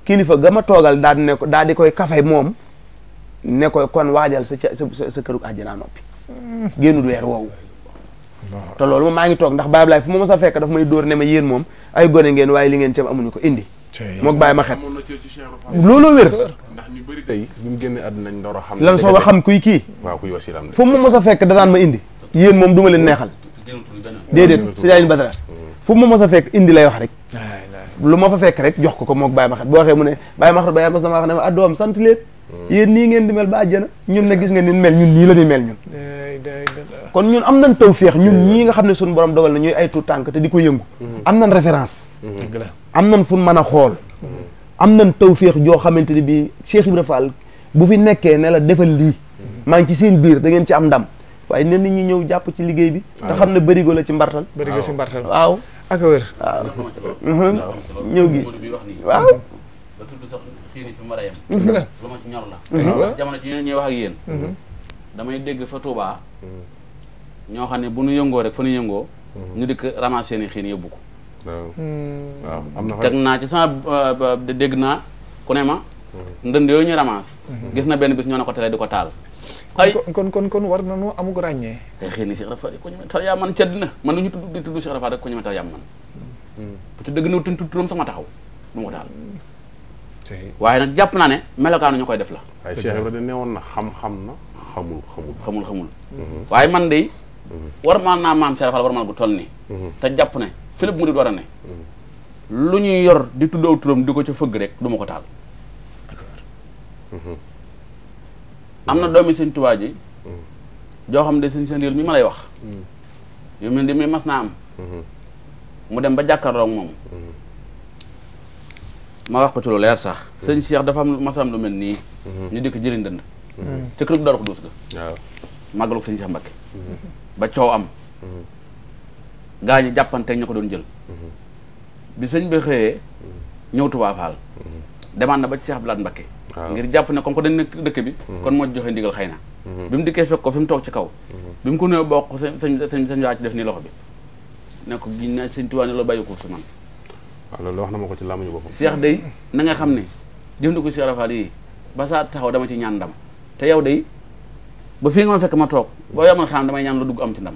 kilifa ga ma toogal daal di ne ko daal di koy kafay moom ne kon waajal sa sa këru àjjanaa noppi mm. génnu weer woowu te loolu moom maa ngi toog ndax Baye Ablaye fu ma mos a fekk daf may dóor ne ma yéen moom ay gone ngeen li ngeen ceeb ko indi mook bàyyi ma xet looloo wér ndax ñu bëri tey ñu génne àdduna ñu a xam lan soo ko xam kuy kii waaw kuy wasilam fu ma mos a fekk danaan ma indi yéen moom du ma leen neexal déedéet si daañu badara fu ma mos a fekk indi lay wax rek lu ma fa fekk rek jox ko ko mook bàyyi ma xet boo waxee mu ne bàyyi ma xet ba yaa mas na maa wax ne ma ah doom sant leen yéen nii ngeen di mel ba àjjana ñun na gis nga ni mel ñun nii la ñuy mel ñun kon ñun am nañ tawféex ñun ñii nga xam ne suñu borom dogal na ñuy ay tuut tànk te di ko yëngu mm-hmm. am nañ référence mm-hmm. am nañ fun mën a xool mm-hmm. am na nañ tawféex joo xamante ni bii Cheikh Ibra Fall bu fi nekkee ne la defal lii maa ngi ci seen biir da ngeen ci am ndam waaye ne nit ñi ñëw jàpp ci liggéey bi te xam ne bërigo la ci mbartal bërigo ci mbartal waaw ak wër waaw ñëw gi waaw fii nii fi mu war a yem. Mhm. lu ma ci ñor la. jamono ji ñuy wax ak yéen. Mhm. damay dégg fa Touba. Mhm. ñoo xam ne bu nu yëngoo rek fa nu yëngoo. ñu dikk ramasser seen i xiin yóbbu ko. waaw waaw am na. teg naa ci sama dégg naa ku ne ma. ndënd yooyu ñu ramasse. gis na benn bis ñoo ne ko tere di ko taal. ay kon kon kon war nañoo amug ràññee. tey xëy na Cheikh Rafahi ko ñeme tal yaa man ca dina man lu ñu tudd di tudd Cheikh Rafahi rek ko ñeme tal yaa man. bu ci dëgg na turam sama taxaw du ma ko taal. waaye nag jàpp naa ne melokaanu ñu koy def la. waaye Cheikh Ibrahima ne woon na xam-xam na xamul xamul. xamul mhm. waaye man de. Mhm. war maan naa maam Cheikh Fall war maan gu toll nii. Mhm. te jàpp ne Philippe Mouride war a ne. lu ñuy yor di tuddoo turam di ko ci fëgg rek du ko taal. am na doomi sëñ Tuubaa ji. joo xam ne sëñ Sëndil mi ma lay wax. yu mel ni mi mas naa am. mu dem ba jàkkaarloog moom. ma wax ko ci lu leer sax seigne Cheikh dafa am ma masam lu melni nii ñu dikk jëriñ dënd ci kër gu ko Xudoos ga waaw màggalu ko sëñ Cheikh Mbacke ba ciow am gañu jappante jàppante ñu ko doon jël bi seigne bi xeye ñew tuba faal demande na ba ci Cheikh blad Mbacke ngir japp ne kon ko dañ nek dekk bi kon mo joxe ndigal xeyna bimu dikke mu dikkee fekk ko fi mu ci kaw bimu ko nuyoo bokk seigne seigne seigne waa ci def ni loxo bi ne ko giñ naa sëñ Touba ne lo bayiko ko su man waaw loolu wax na ma ko ci làmmiñu boppam. seex day na nga xam ne jëfandiku si rafaal yi ba saa taxaw dama ci ñaan te yow day ba fii nga ma fekk ma toog boo yamal xam damay ñaan lu dugg am ci ndam.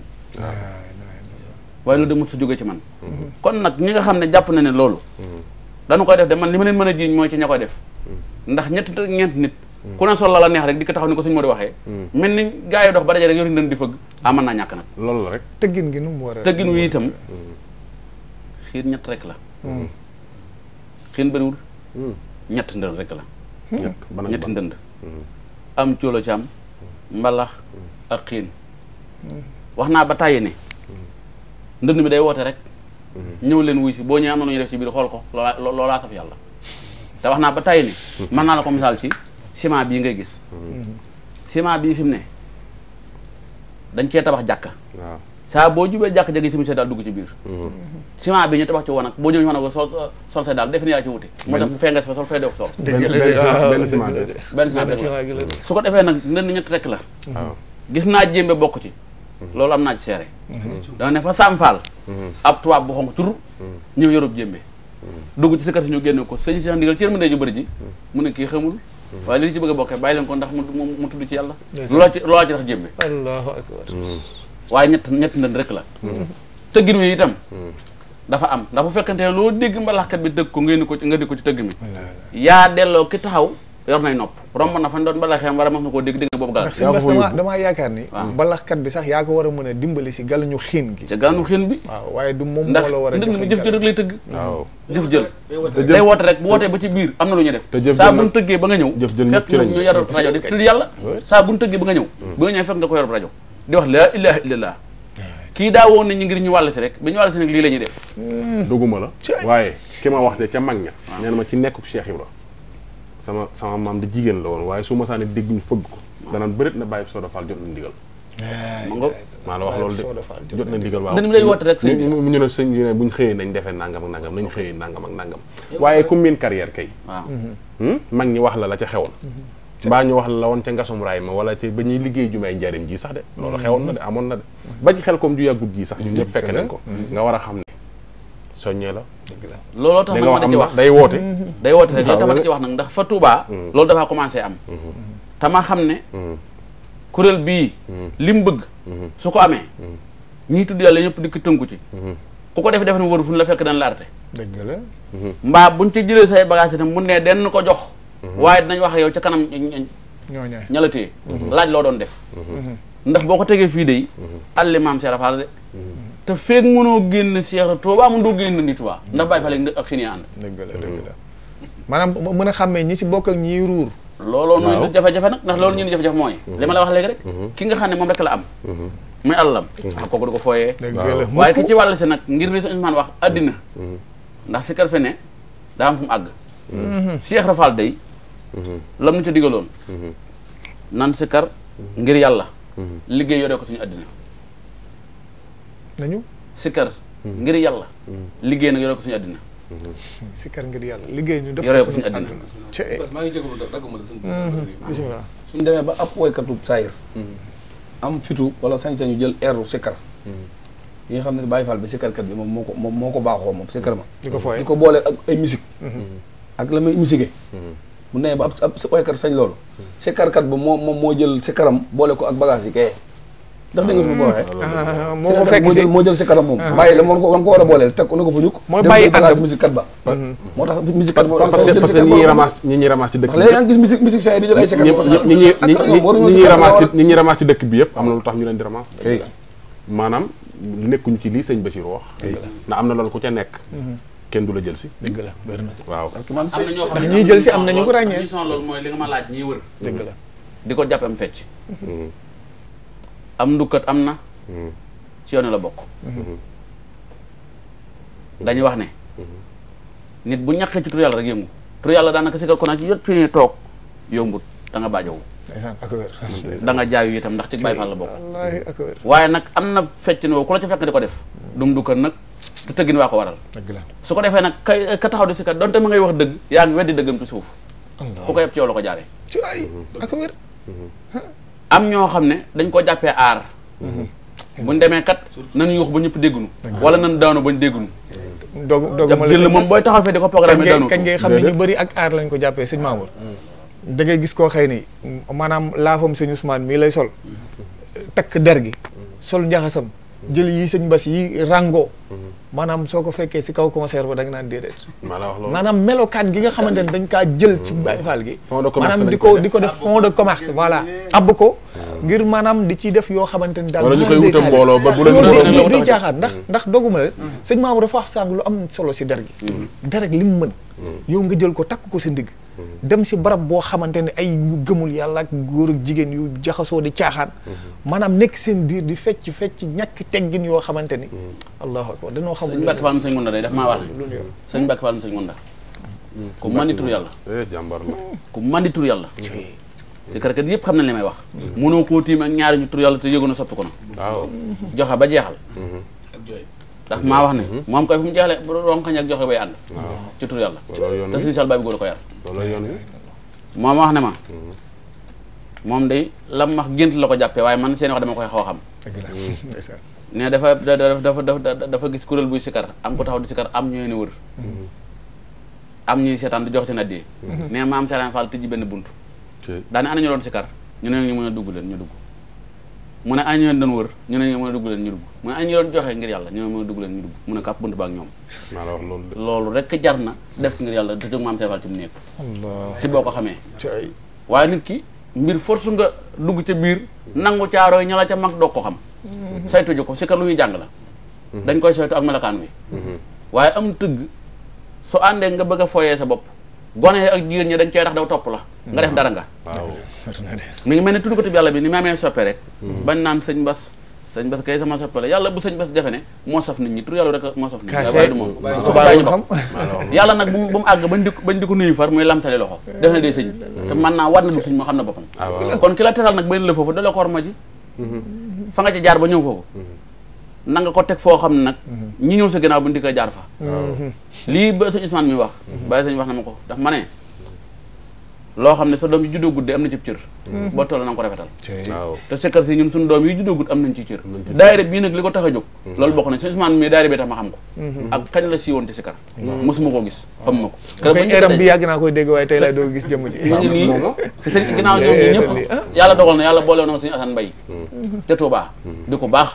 waaye loolu de mosut jóge ci man. kon nag ñi nga xam ne jàpp na ne loolu. dañu koy def de man li ma leen mën a jiiñ mooy ci ña koy def. ndax ñett ñeent nit. ku ne sol la la neex rek di ko taxaw ni ko suñu moo di waxee. mel ni gars yi dox ba daje rek yor nañu di fëgg. ah mën naa ñàkk nag. loolu la rek. tëggin gi nu mu war a. tëggin wi itam xiir ñett rek la. xiin bëriwul. Hmm. ñett ndënd rek la. Hmm. ñetti ndënd. Hmm. am coolo ci mbalax ak xiin. wax naa ba tàyyi ni ndënd mi day woote rek. ñëw leen wuy si boo ñëwee am na lu def ci biir xool ko loola loolaa saf yàlla. te wax naa ba tàyyi ne. mën naa la ko misaal ci ciment bii ngay gis. ciment bii fi mu ne dañ cee tabax jàkka. waaw saa boo jubee jàkk jagi simi daal dugg ci biir mm-hmm. ciment bi ñu tabax ci woon boo ñëwee ñu wax sol sol sa defe naa yaa ci wute mm-hmm. moo tax fee nga fa sol fee def sol benn ciment benn ciment su ko defee nag nen ñett mm-hmm. gis naa jéembe bokk ci loolu am naa ci seere danga ne Sam Fall ab tubaab bu xonq tur ñëw yorub jéembe dugg ci si kati ñu génne ko sëñ Cheikh ndigal ci yërmande ju bëri ji mu ne kii xamul waaye li ci bëgg bokkee bay leen ko ndax mu mu tudd ci yàlla loo ci loo ci tax waye ñet ñet ndënd rek la mm-hmm. tëggin wi itam mm-hmm. dafa am ndax bu fekkante loo dégg mbalaxkat bi dëgg ko ngeen ko nga di ko ci tëgg mi ya delloo ki taxaw yor nay nopp romb na fa ndon balaxeem war a max na koo dégg dégg nga boobu dama yaakar yaakaar ni balaxkat bi sax ya ko wara a dimbali ci gal ñu xin gi ci gal ñu xin bi waaye du mom mo la wara a ndax jëf jël rek lay tëgg waaw jëf jël day wot rek bu wootee ba ci biir amna lu ñu def sa buñu tëggee ba nga ñew ñëw fekk ñu yor radio di tud yalla sa buñu tëggee ba nga ñew mm. ba nga fekk nga ko yor radio di wax laa ilaha illallah kii daa woon nañu ngir ñu wàll si rek ba ñu wàll si rek lii la ñuy def hmm. dugguma la waaye ki ma wax de ca mag ña nee na ma ci nekkuk Cheikh Ibra sama sama maam di jigéen la woon waaye su ma saane dégg ñu fëgg ko danaan bërit na bàyyi Soda Fall jot na ndigal ma nga maa la wax loolu de jot na ndigal waaw dañu lay woote rek sëñ bi ñu ne sëñ bi ne buñ xëyee nañ defee nangam ak nangam nañ xëyee ak nangam waaye ku miin carrière kay hmm? mag ñi wax la la ca xewoon hmm. mbaa ñu wax la la woon ca ngasum raay ma wala ca ba ñuy liggéey ju may njariñ ji sax de mm. loolu xewoon na de amoon na de ba ci xel comme ju yàggut ji sax ñun ñëpp fekk nañ ko mm. nga war a xam ne soññee la looloo tax man ma ci wax day woote mm-hmm. day woote rek loolu tax ma wax nag ndax fa Touba mm. loolu dafaa commencé am mm-hmm. te xam ne kuréel bii li mu bëgg mm-hmm. su ko amee ñii tudd yàlla ñëpp dikk tënku ci ku ko defe def ne wóoru fu ñu la fekk dañ la arte dëgg la mbaa buñ ci jëlee say bagage itam mu ne denn ko jox waaye dinañ wax yow ca kanam ña la téye mhm. laaj loo doon def mhm. ndax boo ko tegee fii de mhm. alli maam a Rafal de te feeg mënoo génn Cheikh Touba mun doo génn ni Touba ndax bàyyi fale ak xini ànd dëgg la dëgg la mën a xàmmee ñi si bokk ak ñiy ruur looloo nuy nag ndax loolu ñu ni jafe mooy li la wax léegi rek ki nga xam ne moom rek la am muy alalam ah, kooku du ko fooyee waaye ki ci wàll si nag ngir li suñu Ousmane wax addina ndax si daa am fu mu àgg Cheikh Rafal day lam ñu ca digaloon nan si kar ngir yàlla liggéey yoree ko suñu àddina nañu yàlla liggéey nag yoree ko suñu àddina sikar ngir yàlla liggéey ñu def yoree ko suñu àddina eh. maa ngi jégalu dagguma la suñu suñu demee ba ab woykatu saayir am fitu wala sañ-sañ ñu jël eeru sikar yi nga xam ne Baye Fall bi sikarkat bi moom moo ko moom moo ko baaxoo moom sikar ma di ko boole ak ay musique mhm. ak la may musique mhm. mu ne ba ab sa oykar sañ loolu sikkarkat ba moo mo mo jël sa karam bolé ko ak bagage yi kay ndax dégg nga boré mo mo fekk ci mo jël sa karam mom ah. bayé la mo ko wan ko wara bolé booleel ko na fu ñuk ñukk bayé ak musique kat ba mm-hmm. motax musique kat parce que ñi ramass ramasse ñi ramass ci dëkk bi léegi nga gis musique musique saa di jël ay sa karam ñi ñi ñi ñuy ramasse ñi ñuy ramasse ci dëkk bi yépp amna lu tax ñu leen di ramasse maanaam nekkun ci li sëñ bassir wax na amna lool ku ca nekk mm-hmm kenn dula jël ci deug la beur na. waaw ndax ñi jël ci am na ñu ko rañé ñi son loolu li nga ma laaj ñiy wër. dëgg la di ko am fecc. Mm-hmm. am ndukkat am mm-hmm. ci yone la bok mm-hmm. dañuy wax ne. nit bu ñàkkee ci tur yalla rek yëngu. tur yalla da naka ci ko na ci yott ci tok toog yombut da nga bajaw da nga jaayu itam ndax ci bay fa la bok bokk. waaye waye nak amna fecc no ko la ci fekk diko def. Mm. dum ndukkat nak te wako waral. deug la su ko defee nag ka taxaw di si kat donte ma ngay wax deug ya ngi weddi deugum tu suuf. ko yeb ci yow ko ci ay ak wér. am ño xamne dañ ko jappé ar buñ démé kat nan wax ba ñëpp déggunu wala nañ daanu bañ déggunu dog dog ma la jël moom booy taxaw fé diko ko daanu kañ ngay xam ñu bari ak ar lañ ko jappé sëñ Mamour da ngay gis ko xëy ni maanaam laafam sëñ Ousmane mi lay sol tak der gi sol njaxasam jël yi sëñ bas yi rango mhm. maanaam soo ko fekkee si kaw concert ba da nga naan déedéet maanaam melokaan gi nga xamante ne dañ kaa jël ci mhm. Baye Fall gi maanaam di ko di ko def fond de commerce voilà abb ko mhm. ngir maanaam di ciy def yoo xamante ni daal loolu di jaaxaat ndax ndax doguma la sëñ maamu dafa wax sàng lu am solo si der gi der ak li mu mën yow nga jël ko takk ko sa ndigg dem si barab boo xamante ne ay ñu gëmul yàlla ak góor ak jigéen yu jaxasoo di caaxaan. Mhm. maanaam nekk seen biir di fecc fecc ñàkk teggin yoo xamante ni. Mhm. allahu akbar danoo xamul. sëñ Mbacke Fall sëñ Ngunda day daf maa war. sëñ Mbacke Fall sëñ Ngunda. Mhm. ku mandi tur yàlla. Eh, jàmbar la ku mandi tur yàlla. sikkarkat yëpp xam nañ li may wax. mënoo koo tiim ak ñaari ñu tur yàlla te yëgu na soppi ko na. waaw joxe ba jeexal. ndax maa wax ne hmm? moom koy fu mu jeexle ronkañ ak joxe bay ànd ci tur yàlla te suñu sal baay bi góor ko yar moom wax ne ma hmm. moom day lam wax gént la ko jàppee waaye man seen wax dama koy xaw a xam hmm. ne dafa dafa dafa gis kuréel buy kar am ko taxaw di kar am ñooy ne wër am ñuy seetaan di jox seen addiye ne maam Serigne Fall tijji benn bunt daane ana ñu doon sikar ñu ne ñu mën a dugg leen ñu dugg mu ne añ leen dañ wër ñu ne mën a leen ñu dugg mu ne añ doon joxe ngir yalla ñu ne mën leen ñu dugg mu ne kàpp ba ak ñom lolu rek jarna def ngir yàlla te maam sefal ci neek allah ci boko xame xamee waaye nit ki mbir force nga dugg ci bir nangu ci aro ñala ci mag do ko xam mhm. saytu ji ko ka lu ñuy la mhm. dañ koy saytu ak melakaan wi mhm. waye am teug so ande nga bëgg foyé sa bop gone ak jigéen ñi dañ cay tax daw topp la nga def dara nga mi ngi mel ne tudd ko tub yàlla bi ni ma amee soppe rek bañ naan sëñ Bass sëñ Bass kay sama soppe la yàlla bu sëñ bas defe ne moo saf nit ñi tur yàlla rek moo saf nit ñi waaye du moom xam yàlla nag bu mu àgg bañ di bañ di ko nuyu far muy lamsali loxo def na dee sëñ te man naa war na du sëñ moo xam na boppam ah, kon ki la teral nag bañ la foofu da la koor ma ji mm-hmm. fa nga ca jaar ba ñëw foofu mm-hmm. na nga ko teg foo xam ne nag mhm. ñi ñëw sa ginnaaw bu ñu a jaar fa mhm. lii ba sëñ Ousmane mi wax mhm. ba sëñ wax na ma ko ndax ma ne loo xam ne sa doom yi juddoo guddee am na ci cër boo toll na nga ko rafetal te sekkar si ñun suñu doom yi juddoo gudd am nañ ci cër daayira bii nag li ko tax a jóg loolu bokk na sëñ Ousmane mi daayira bi tax ma xam ko ak kañ la siiwoon ci sikkar mosuma koo xam ma ko eram bi yàgg naa koy dégg waaye tey lay doo gis jëmm ji nii sëñ ginnaaw ñëpp yàlla dogal na yàlla boole na ma sëñ Assane Mbaye mm. ca Touba mm. di ko baax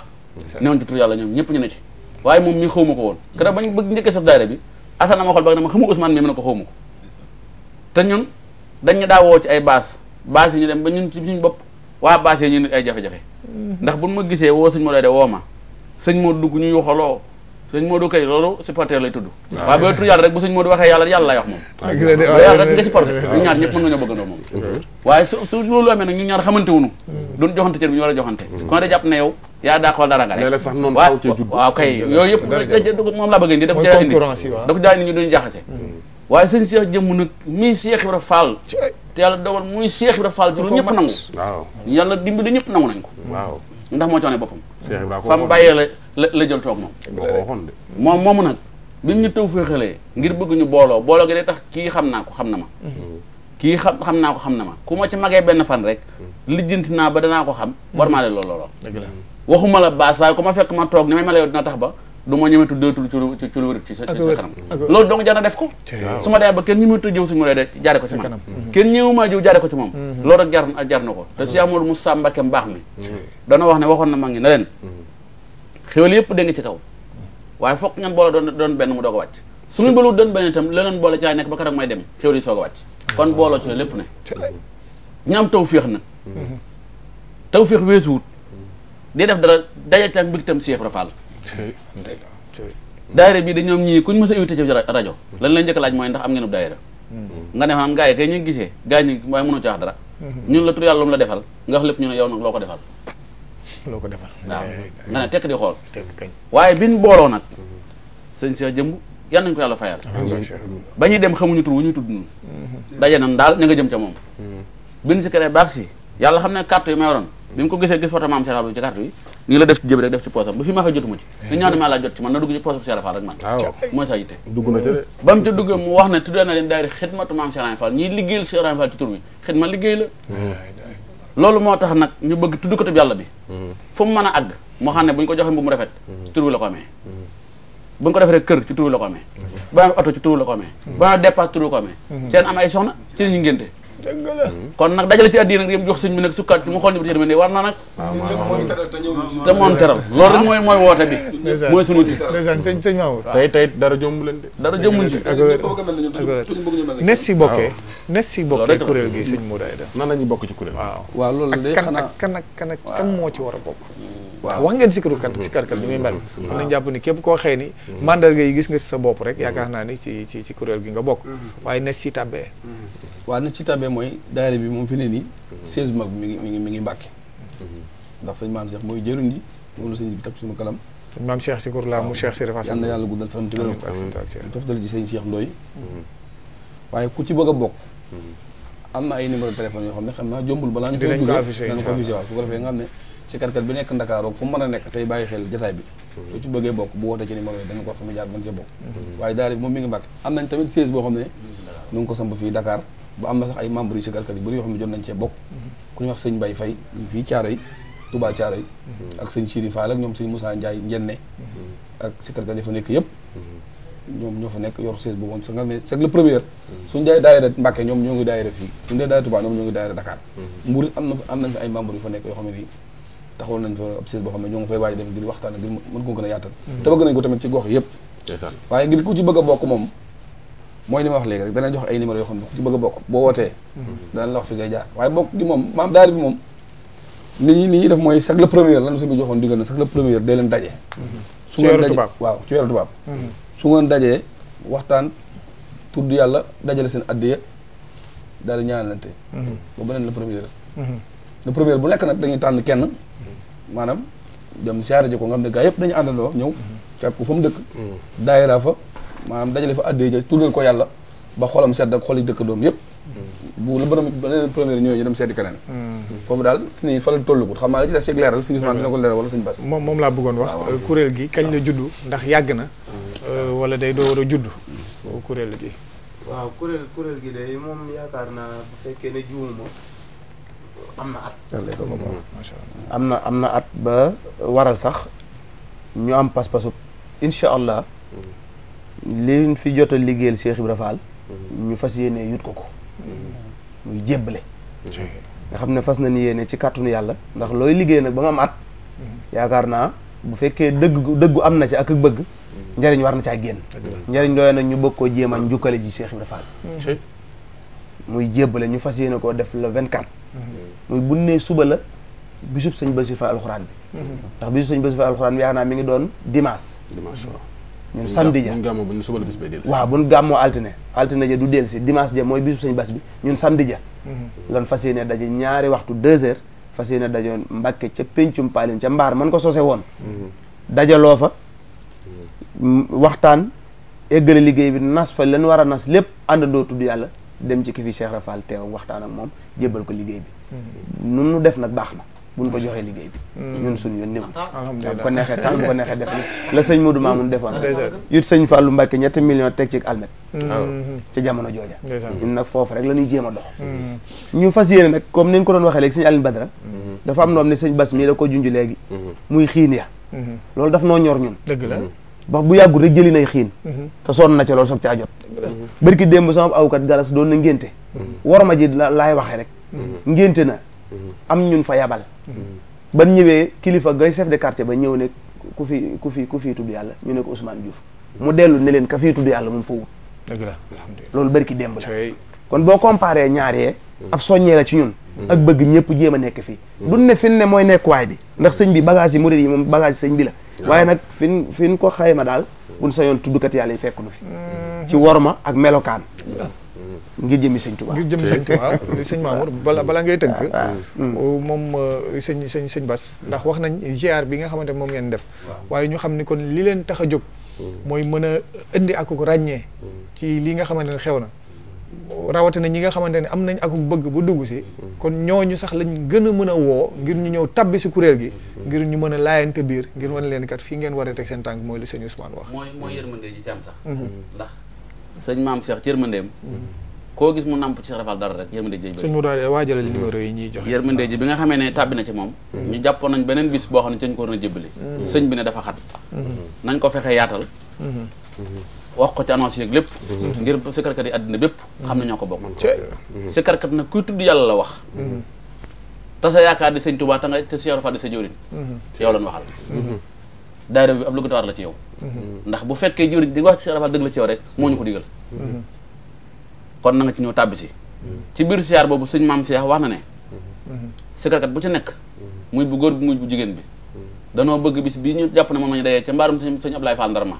newoon ci tur yàlla ñoom ñëpp ñu ne ci waaye moom mii xawma ko woon keroog bañ bëgg njëkkee saf daayira bi asana ma xool ba ne ma xamu Ousmane mii mën na ko xawma ko te ñun dañu daa woo ci ay baas baas yi ñu dem ba ñun ci ñu bopp waa baas yi ñu nit ay jafe-jafe mm. ndax nu ma gisee woo sëñ moo doy de woo ma sëñ moo dugg ñu yuxaloo sëñ Modou kay loolu supporter lay tudd ah. waaye booy tudd yàlla rek bu sëñ Modou waxee yàlla yàlla lay wax ah, ah, rek nga supporter hmm. ñu moom a joxante hmm. ku ne da jàpp ne yow yaa daa xool dara rek waaw kay yooyu hmm. muy Cheikh Ibra Fall te yàlla dogal muy Cheikh Ibra Fall ci lu ñëpp nangu nangu ndax moo coone boppam fam bàyyee la la jël toog moom moom mu nag bi ñu tëw féexalee ngir bëgg ñu booloo booloo gi day tax kii xam naa ko xam na ma kii xam xam naa ko xam na ma ku ma ci magee benn fan rek lijjanti naa ba danaa ko xam war maa de loolu looloo waxuma la baas waaye ku ma fekk ma toog ni may ma la yow dina tax ba duma ma ñëmatu deux tour ci ci wër ci sa kanam loolu dong nga na def ko suma day dee ba kenn ñëmatu jëw suñu lay de jaaré ko ci man kenn ñëwuma jëw jaaré ko ci mom loolu rek jar jar na ko te si amul Moussa Mbacké mbaax hmm. mi na wax ne waxon na ma hmm. ngi na len xewal yëpp de nga ci taw hmm. waye fokk ngeen boole doon doon ben mu doog a wàcc su doon ben itam leneen la ci nek ba karak may dem xewal yi so a wàcc kon booloo ci lepp ne ñam tawfiix na tawfiix wésuut di def dara daje tam Cheikh rafal daayira bi da ñoom ñii kuñ mës a invité ci rajo lan lañ njëkk laaj mooy ndax am ngeen ub daayira hmm. nga ne maanaam gars yi kay ñu gisee gars hmm. la tur yàlla mu la defal nga wax lépp ñu ne yow nag loo ko defal loo ko defal waaw eh, eh, nga ne tekk di xool waaye bin booloo nag sëñ sa jëmb yan nañ ko yàlla fayal ba ñu dem xamuñu tur wu ñu tudd hmm. daje nan daal ña nga jëm ca moom bin si kere baax si yàlla xam ne carte yi ma yoroon bi ko gisee gis photo maam Cheikh ci carte yi ni la def ci jëb def ci poosam bu fi maa fa jotuma ci eh. ni ñaanu maa laa jot ci man na dugg ci poosam Serigne Fall rek man mooy sa yitte ba mu ca duggee mu wax ne tuddee na leen bi eh. yàlla bi mm-hmm. fu mu mën a àgg xam ne bu ñu ko joxee bu mu rafet mm-hmm. mm-hmm. ci tur bi la ko amee ba oto ci tur bi la ko amee ba dépasse tur bi la ko amee seen am ay soxna ci ñu ngénte dëgg la kon nag dajale ci àddina nag yëpp jox sëñ bi nag sukkaat ci mu xool ñu bi ne war na nag ah, te moom teral loolu rek mooy mooy woote bi mooy sunu ti ndeysaan sëñ sëñ Mamour tey tey si bokkee nes si bokkee kuréel gi sëñ Mouride nan la ñuy bokk ci kuréel waaw waaw loolu de xanaa kan ak kan ak kan moo ci war a bokk waaw wax ngeen sikkaru kat sikkarkat li muy mel mm-hmm. mën nañ jàpp ni képp koo xëy ni mm-hmm. mandarga yi gis nga si sa bopp rek yaakaar naa ni ci ci ci kuréel gi nga bokk mm-hmm. waaye na si tabbee waaw na si tabbee mooy daayira bi moom fi ne nii siège mag mi ngi mi ngi mi ngi mbàkke ndax sëñ maam Cheikh mooy jëriñ ji moom la sëñ bi takk suñu kalam sëñ maam Cheikh si kurla mu Cheikh si refa yal na yàlla guddal fanam ci wér toftal ci sëñ Cheikh Ndoye waaye ku ci bëgg a bokk am na ay numéro téléphone yoo xam ne xam naa jombul balaa ñu fay dugg dinañ ko affiché waaw su ko defee nga xam ne sikarkat bi nekk Ndakaar roog fu mu mën a nekk tey bàyyi xel jotaay bi su hmm. ci bëggee bokk bu wootee ci numéro yi dana ko fa mu jaar mën cee bokk hmm. waaye daara bi moom mi ngi mbàkk am nañ tamit siège boo xam ne nu ngi ko samp fii Dakar ba am na sax ay membre yu sikarkat yu bëri yoo xam ne jot nañ cee bokk hmm. ku ñuy wax sëñ Baye Faye fii Thiaroye Touba Thiaroye ak sëñ Siri Fall ak ñoom sëñ Moussa Ndiaye Njenne ak sikarkat yi fa ñoom ñoo fa nekk yor siège boobu am sax nga mais c'est le premier suñu dee daayira Mbàkke ñoom ñoo ngi daayira fii suñu dee daayira Touba ñoom ñoo ngi daayira Dakar Mbuur it am nañ fa ay membre fa nekk yoo xam ne a yaatal mm-hmm. te bëgg nañ ko waaye ngir ku ci bëgg a bokk moom mooy li ma wax léegi rek danañ jox ay numéro yoo xam ku ci bëgg a bokk boo wootee mm-hmm. danañ la wax fi ngay jaar waaye bokk gi moom maam daayira bi moom li ñuy li ñuy def mooy chaque le premier lan su bi joxoon diggal na chaque su ngeen dajee waaw ci weeru tubaab mhm. su ngeen dajee waxtaan tudd yàlla dajale seen addiya daal di ñaanalante mhm. ba beneen la première le première mhm. bu nekk nag dañuy tànn kenn maanaam dem siyaare ji ko nga xam ne gaa yëpp dañu àndandoo ñëw fekk ko fa mu dëkk daayira fa maanaam dajale fa addiya ja tuddal ko yàlla ba xolam sedd ak xoli dëkk doom yëpp bu la borom beneen première ñëwee ñu dem seeti keneen hmm. foofu daal fi ni fa la tollugul xam naa la ci des ci leeral suñu Ousmane dina ko leeral wala suñu ah, euh, kuréel kañ la juddu hmm. ndax yàgg na euh, wala day doo war a juddu hmm. euh, kuréel gi waaw kuréel gi day moom yaakaar naa bu fekkee ne juuma am na at am na am na at ba waral sax ñu am pas-pasu incha allah lii ñu fi jot a liggéeyal Cheikh Ibra Fall ñu fas yéene yut ko ko muy jébbale nga xam ne fas na ni yéene ci kàttunu yàlla ndax looy liggéey nag ba nga am at mm-hmm. yaakaar naa bu fekkee dëgg dëggu am na ci ak bëgg mm-hmm. njariñ war na caa génn njariñ dooy nag ñu bëgg koo jéem a njukkale ji Cheikh Ibra Fall mm-hmm. muy jébbale ñu fas yéene koo def la vingt quatre muy bu suba la bisub sëñ Bassirou Fall alxuraan bi ndax bisub sëñ Bassirou Fall alxuraan bi yaakaar naa mi ngi doon dimanche ñun samedi ja waaw buñ gàmmoo altine altine ja du del si ja mooy bisu sëñ bas bi ñun samedi ja mhm. lan fas yéene daje ñaari waxtu deux heures fas yéene dajoon Mbàkke ca péncum paalin ca mbaar man ko sose woon mhm. dajaloo fa mhm. waxtaan eggale liggéey bi nas fa leen war a nas lépp àndandoo tudd yàlla dem ci ki fi Cheikh Rafal waxtaan ak moom jébbal ko liggéey bi nu nu def nag baax na buñ ko joxee liggéey bi hmm. ñun suñu yoon néew ci ko neexee taal bu ko neexee def la sëñ Modou Mamoun defoon yut sëñ Fallou Mbacke ñetti million teg ci almet hmm. hmm. ca jamono jooja ñun nag foofu rek la ñuy a dox ñu fas yéene nag comme ni ñu ko doon waxee léegi sëñ Aline Badara dafa am noom ne sëñ Bass mii da ko junj léegi muy xiin ya loolu daf noo ñor ñun la ba bu yàggul rek jëli nay xiin te sonn na ca loolu soog caa jot bërki démb sama awkat galas doon na ngénte war ji laay waxee am ñun fa yabal ban ñëwee kilifa gay sef de quartier ba ñëw ne ku fi ku fi ku fii tudd yàlla ñu ne ko Ousmane Diouf mu dellu ne leen ka fii tudd yàlla moom fa wut dëgg la alhamdulilah loolu bërki démb la kon boo ñaar yee mm. ab soññee la ci ñun mm. ak bëgg ñëpp jéem a nekk fii mm. dun ne fin ne mooy nekkuwaay bi ndax sëñ bi bagage yi murid yi moom bagage sëñ bi la waaye nag fin fin ko xayma daal buñ sa yoon tuddkat yàlla yi fekk nu fi ci ma ak melokaan ngir jëmmi sëñ Tuubaa. ngir jëmi sëñ Tuubaa sëñ Mamour bala bala ngay tënk. Ah, ah. Hmm. Oh, moom euh, sëñ sëñ sëñ Bass ndax wax nañ ziar bi nga xamante moom ngeen def. waaye ñu xam ni kon li leen tax a jóg. Hmm. mooy mën a indi ak ràññee. Hmm. ci li nga xamante ne xew na. rawatina ñi nga xamante ne am nañ ak bëgg bu dugg si. kon ñu sax lañ gën a mën a woo ngir ñu ñëw tabbi si kuréel gi. ngir ñu mën a laayante biir ngir wane leen kat fii ngeen war a teg seen tànk mooy li sëñ Ousmane wax. mooy mooy yërmande ji ci am sax. ndax sëñ maam Cheikh ci yërmandeem koo gis mu namp ci Cheikh Rafal dara rek yërmande ji sëñ mu daal waajalal numéro yi ñuy joxe yërmande ji bi nga xamee ne tàbbi na ci moom mm-hmm. ñu jàppoon nañ beneen bis boo xam ne ci ñu ko waroon a jébbali mm-hmm. sëñ bi ne dafa xat mm-hmm. nañ ko fexe yaatal wax ko ci annonce yeeg lépp ngir sikarkat yi àddina bépp xam ne ñoo ko bokk sikarkat nag kuy tudd yàlla la wax te sa yaakaar di sëñ Tuubaa te nga te Cheikh Rafal di sa jëwriñ yow lan waxal daayira bi obligatoire la ci yow ndax bu fekkee jëwriñ di wax ci Cheikh kon na nga ci ñëw tàbbi si ci biir siyaar boobu suñ maam Cheikh wax na ne sikarkat bu ci nekk muy bu góor bi muy bu jigéen bi danoo bëgg bi bii ñu jàpp ne moom la ñu dayee ca mbaarum sëñ sëñ Ablaye Fall Ndarma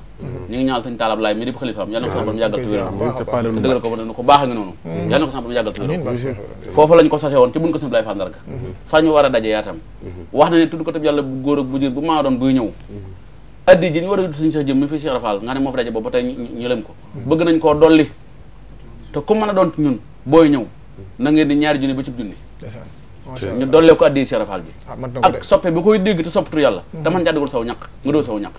ñu na ko sama borom yàggal tuwér dëggal ko ne ko a ngi noonu mm-hmm. yàlla na ko sama borom yàggal tuwér mm-hmm. foofu ko sase woon ci buñ ko sëñ Ablaye mm-hmm. a daje na tudd ko tam yàlla bu góor ak bu jigéen bu maa doon buy ñëw addi ji ñu war a tudd sëñ Cheikh Jëm mi fi Cheikh Fall nga ne moo fi daje boobu ba tey ko bëgg nañ koo dolli te ku mën a doon ñun booy ñëw na ngeen di ñaari junni ba ci junni ñu dollee ko addi sharafal bi ah, ak soppe bu koy dégg te soppatu yàlla mhm. te man caa dugal saw ñàkk nga doo saw ñàkk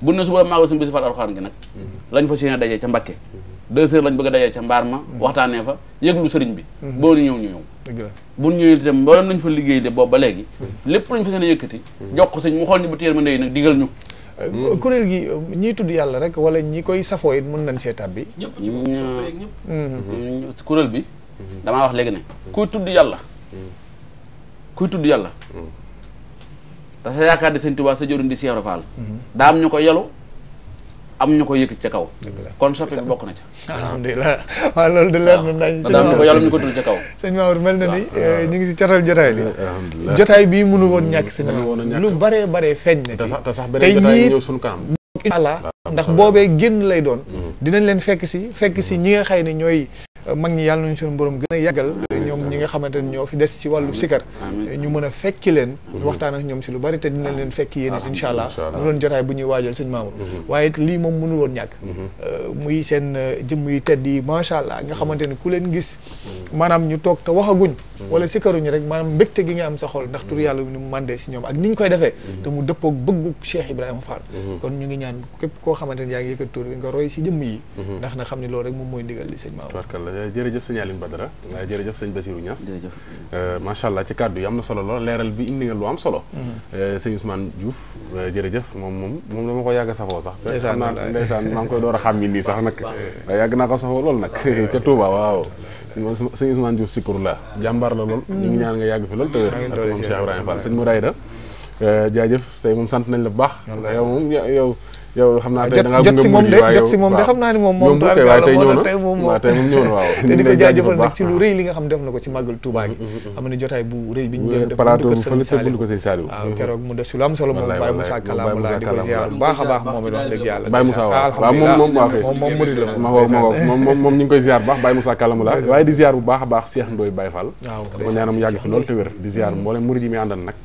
bu ne suba maago suñu bisi fal alxuraan gi nag mhm. lañ fa séene dajee ca Mbakke mhm. deux heures bëgg a dajee ca mbaar ma waxtaanee fa yëglu sëriñ bi boo ñu ñëw ñu ñëw bu ñëwee itam mboolem lañ fa liggéey de boobu ba léegi lépp lañ fa seen a yëkkati jox ko mu xool ñu ba téer ma ndey nag ñu Hmm. kuréel gi ñii tudd yàlla rek wala ñi koy safoo it mën nañ seetaan bi. ñu hmm. hmm. kuréel bi. damaa wax léegi ne. kuy tudd yàlla. kuy tudd yàlla. te yaakaar di sëñ Tuubaa sa jëriñ di Cheikh Fall. daa am ñu ko yalu. am ñu ko yëkkati ca kaw. kon soppe bi bokk na ca. alhamdulilah waaw loolu de leer na nañ. Ah, sëñ Maodo ko yàlla ñu ko dul ca kaw. sëñ Maodo na ni eh, ñu ngi si catal jotaay bi. jotaay bii mënu woon ñàkk sëñ lu baree baree feeñ na si. te sax incha ndax boobee génn lay doon mm. dinañ leen fekk si fekk si mm. ñi nga xay ne ñooy euh, mag ñi yàlla nañu suñu borom gën a yàggal ñoom ñi nga xamante ne ñoo fi des si wàllu sikar ñu mën a fekki leen mm-hmm. waxtaan ak ñoom si lu bari te dinañ leen fekki yéen it ah, incha allah mu doon jotaay bu ñuy waajal sëñ Mamour mm-hmm. waaye lii moom mënul woon ñàkk mm-hmm. euh, muy seen euh, jëmm yi tedd yi macha allah nga xamante ne ku leen gis maanaam ñu toog te waxaguñ wala sikkaruñu rek maanaam mbégte gi nga am sa xol ndax tur yàlla ni mu mandee si ñoom ak ni koy defee te mu dëppoog bëggu Cheikh a Fall mhm. kon ñu ngi ñaan képp koo xamante ne yaa ngi yëkkat bi nga roy si mhm. xam ne loolu rek moom mooy ndigal li sëñ Maam barkalla jërëjëf sëñ Aline Badara mhm. jërëjëf euh, am na solo lool leeral bi indi nga lu am solo euh, sëñ Ousmane Diouf moom moom moom ko yàgg a safoo sax ndeysaan maa ngi koy door a xàmmi nii sax nag yàgg naa ko safoo lool nag ca Touba waaw sëñ Ousmane Diouf Sikkur la jàmbaar la lool ñu ngi ñaan nga yàgg fi lool te ak moom Cheikh Ibrahima Fall sëñ Mourayda euh, jaajëf tey moom sant nañ la baax yow moom yow yow xam naa ah, xam ni moom moom na waaw te di ko jaajëfal nag si lu rëy li na ko ci màggal Touba gi mm-hmm, mm-hmm. xam ne jotaay bu rëy bi ñu doon def buntu kër Sëriñ Saliou waaw keroog mu def si lu am di ko bu baax a baax moom it la moom baax Baye Moussa Kalaam laa a mm-hmm. yi muy àndal nag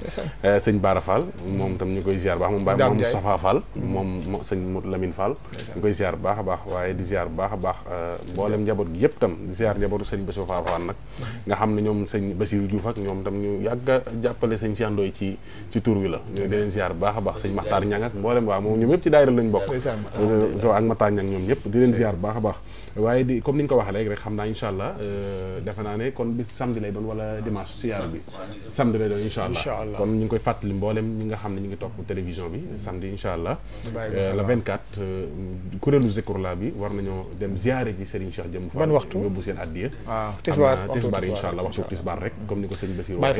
eh, sëñ Bara Fall moom tam ñu koy ziar bu baax moom Baye Moustapha Fall moom sëñ Modou Lamine Fall ñu koy ziar bu baax a baax waaye di ziar bu baax a baax euh, mboolem njaboot gi yëpp tam di njabootu sëñ Bassirou Fall nag nga xam ne ñoom sëñ Bassirou Diouf ak ñoom tam ñu yàgg a jàppale sëñ Cheikh ci ci wi la ñu di leen ziar bu baax a baax sëñ Makhtar Niang mboolem waa moom ñoom yëpp ci daayira lañ bokk ak Makhtar Niang ñoom yëpp di leen ziar baax a baax waaye di comme ni ñu ko waxee rek rek xam naa incha allah euh, defe naa ne kon bi samedi lay doon wala dimanche siyaar bi samedi lay doon incha allah kon ñu ngi koy fàttali mboolem ñi nga xam ne ñu ngi topp télévision bi samedi incha allah euh, la euh, bi war nañoo dem ziare ji Serigne Cheikh jëm seen addiya ah, waaw comme ni ko sëñ la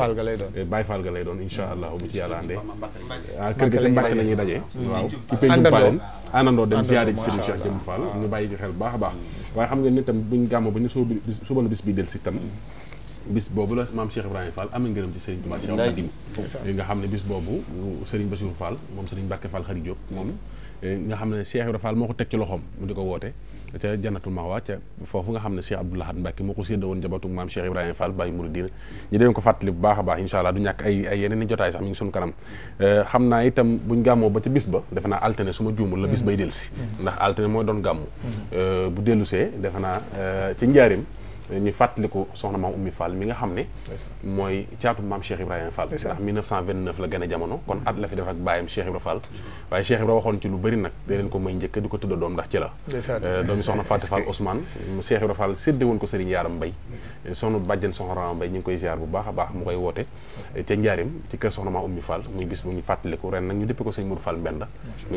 ñuy dajee ah, mm. waaw ci péncu Paleen àndandoo dem ziare ji Serigne Cheikh jëm Fall ñu bàyyi ci xel baax a baax waaye xam nga ni tam buñ gàmmo ba ni suba suba la bis bi del si tam bis boobu la maam Cheikh Ibrahima Fall amee ngërëm ci Serigne Touba Cheikh Khadim nga xam ne bis boobu Serigne Bassirou Fall moom Serigne Mbacke Fall Khary Diop moom eh, nga xam ne Cheikh Ibrahima Fall moo ko teg ci loxoom mu di ko woote ca janatul maxwa ca foofu nga xam ne Cheikh Abdoul Ahad Mbacke moo ko sédda woon njabootu maam Cheikh Ibrahima Fall Baye Mouridina ñu deen ko fàttali bu baax a baax incha allah du ñàkk ay ay yeneen jotaay sax mi ngi sunu kanam eh, xam naa itam buñ gàmmoo ba ca bis ba defe naa alterné suma ma la bis bay delsi mm-hmm. ndax alterné mooy doon gàmmu mm-hmm. eh, bu dellusee defe naa eh, ci njaarim ñu fàttaliku soxna maam Oumy Fall mi nga xam ne mooy caatu maam Cheikh Ibrahima Fall ndax 1929 la gën a jamono mm-hmm. kon at la fi def ak bàyyam Cheikh Ibrahima a baax mu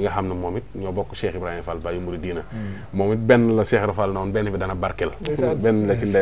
nga xam ne moom it ñoo bokk Cheikh Ibrahima Fall bàyyi Mouridina mm. moom it benn la Cheikh Ibrahima noonu benn bi dana barkel benn la ci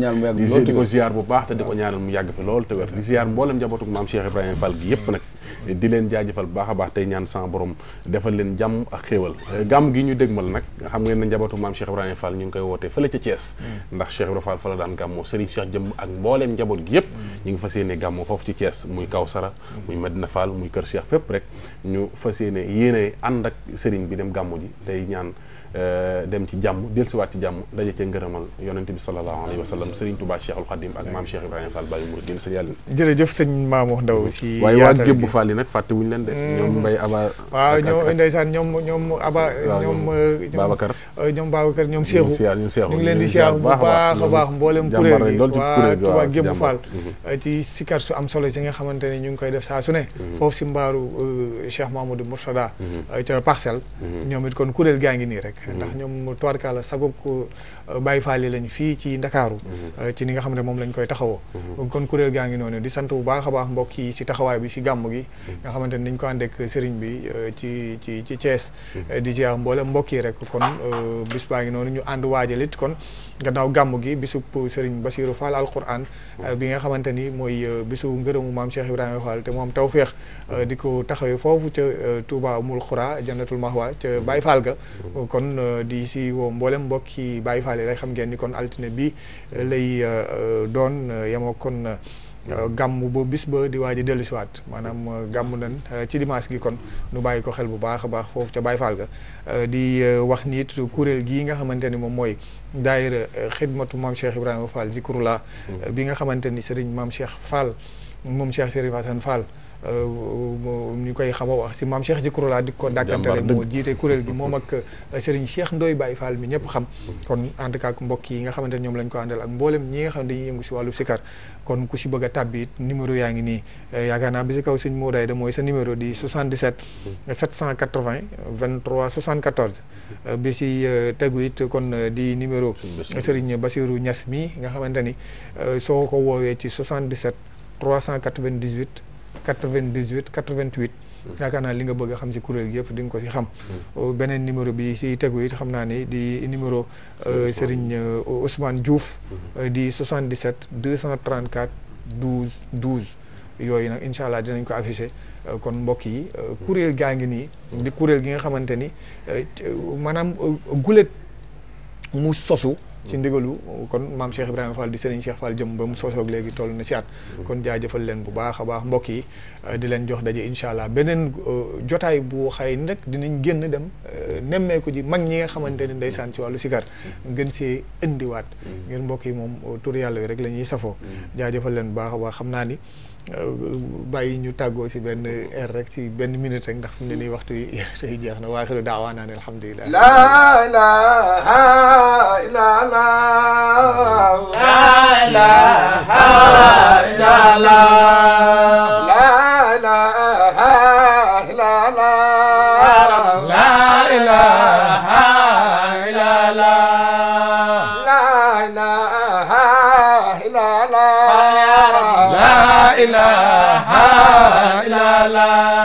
ñaan mu yàgg fi lool di ko ziar bu baax te di ko ñaanal mu yàgg fi lool te wér di ziar mboolem njabootu maam Cheikh Ibrahima Fall gi yëpp nag di leen jaajëfal bu baax a baax tey ñaan sans borom defal leen jàmm ak xéewal gàmm gi ñu dégmal nag xam ngeen ne njabootu maam Cheikh Ibrahima Fall ñu ngi koy wootee fële ca Thiès mm. ndax Cheikh Ibrahima Fall fa la daan gàmmoo Serigne Cheikh jëm ak mbooleem njaboot gi yëpp mm. ñu ngi fas yéene gàmmoo foofu ci Thiès muy Kawsara mm. muy muy bi dem gàmmu ji tey Euh, dem ci jàmm dellusiwaat ci jàmm daje cee ngërëmal yonent bi sallallahu alayhi wa sallam Serigne Touba Cheikhul Khadim ak maam Cheikh Ibrahima Fall Baye Mouride sëñ yàlla si waaye waa Gébbu Fall yi nag fàtte wuñu leen de hmm. ñoom Mbaye Aba ñoom ndeysaan ñoom ñoom Aba euh, euh, ñoom Babacar ñoom Babacar ñoom Cheikhou ñoom Cheikhou ñu ngi leen di siyaar bu baax baax mboolem kuréel gi waa Touba Gébbu Fall mhm. ci su am solo si nga xamante ne ñu ngi koy def saa su ne mhm. foofu si mbaaru Cheikh Mamadou Mourtada mhm. ca parcelle ñoom it kon kuréel gaa ngi nii rek Mm-hmm. ndax ñoom tubaarkaala sagub ku euh, bàyyi faali lañ fii ci ndakaaru mm-hmm. euh, ci ni nga xam ne moom lañ koy taxawoo mm-hmm. kon kuréel gaa ngi noonu di sant bu baax a baax mbokk yi si taxawaay bi si gàmm gi nga xamante ni ñu ko ànd ak sëriñ bi euh, ci ci ci Thiès di ziar mboole mbokk yi rek kon bis baa ngi noonu ñu ànd waajalit kon gannaaw gàmm gi bisub Serigne Bassirou Fall alquran euh, bi nga xamante ni mooy euh, bisu ngërëmu maam Cheikh Ibrahima Fall te moom tawféex euh, di ko taxawee foofu ca Touba Moul Khoura jannatul Mahwa ca Baye Fall ga kon di si woo mboolem mbokki Baye Fall yi lay xam ngeen ni kon altine bi lay doon yemoo kon. Euh, gàmm ba bis ba di waaj a dellusiwaat maanaam euh, gàmm nan euh, ci dimanche gi kon nu bàyyi ko xel bu baax a baax foofu ca Baye Fall ga di wax ni kuréel gii nga xamante ni moom mooy daayira xidmatu maam Cheikh Ibrahima Fall zikrullah mm. bi nga xamante ni sëriñ mam Cheikh Fall moom Cheikh Serigne Hassane Fall ñu koy xama wax ci mam Cheikh Jikrou la di ko dàkkantale moo jiite kuréel gi moom ak Serigne Cheikh ndoy Baye Fall mi ñep xam kon en tout cas mbokk yi nga xamanteni ñom lañ ko andal ak mbollem ñi nga xam dañuy yëngu ci walu sikar kon ku ci bëgga tabbi numéro yaa ngi nii yaakaar naa bi ci kaw serigne moo da moy sa numéro di 77 780 23 74 bi ci teggu it kon di numéro Serigne basirou ñass mi nga xamanteni ni soo ko woowee ci 77 398 98 88. yaakaar naa li nga bëgg xam ci kuréel gi yëpp di ko ci xam. Hmm. Uh, beneen numéro bi si tegu it xam naa ni di numéro uh, Serigne uh, Ousmane Diouf. Hmm. di 77 234 12 12. yooyu nag incha allah dinañ ko affiché kon mbokk yi kuréel gaa ngi nii. di kuréel gi nga xamante ni maanaam gulet mu sosu. ci ndigalu kon maam Cheikh Ibrahima Fall di Serigne Cheikh Fall jëm ba mu soosoog léegi toll na si at kon jaajëfal leen bu baax a baax mbokk yi euh, di leen jox daje incha allah beneen euh, jotaay bu xëy ni rek dinañ génn dem euh, nemmeeku ji mag ñi nga xamante ne ndeysaan ci wàllu si sikar ngeen see indiwaat mm. ngeen mbokk yi moom tur yàlla yi rek la ñuy safoo mm. jaajëfal leen bu baax a baax xam naa ni Euh, bàyyi ñu tàggoo ci benn air rek si benn minute rek ndax fi mu ne waxtu yi jeex na waa xiru daawaanaan alhamdulilah. laa ilaaha illallaah. laa ilaaha illallaah. laa إله إلا الله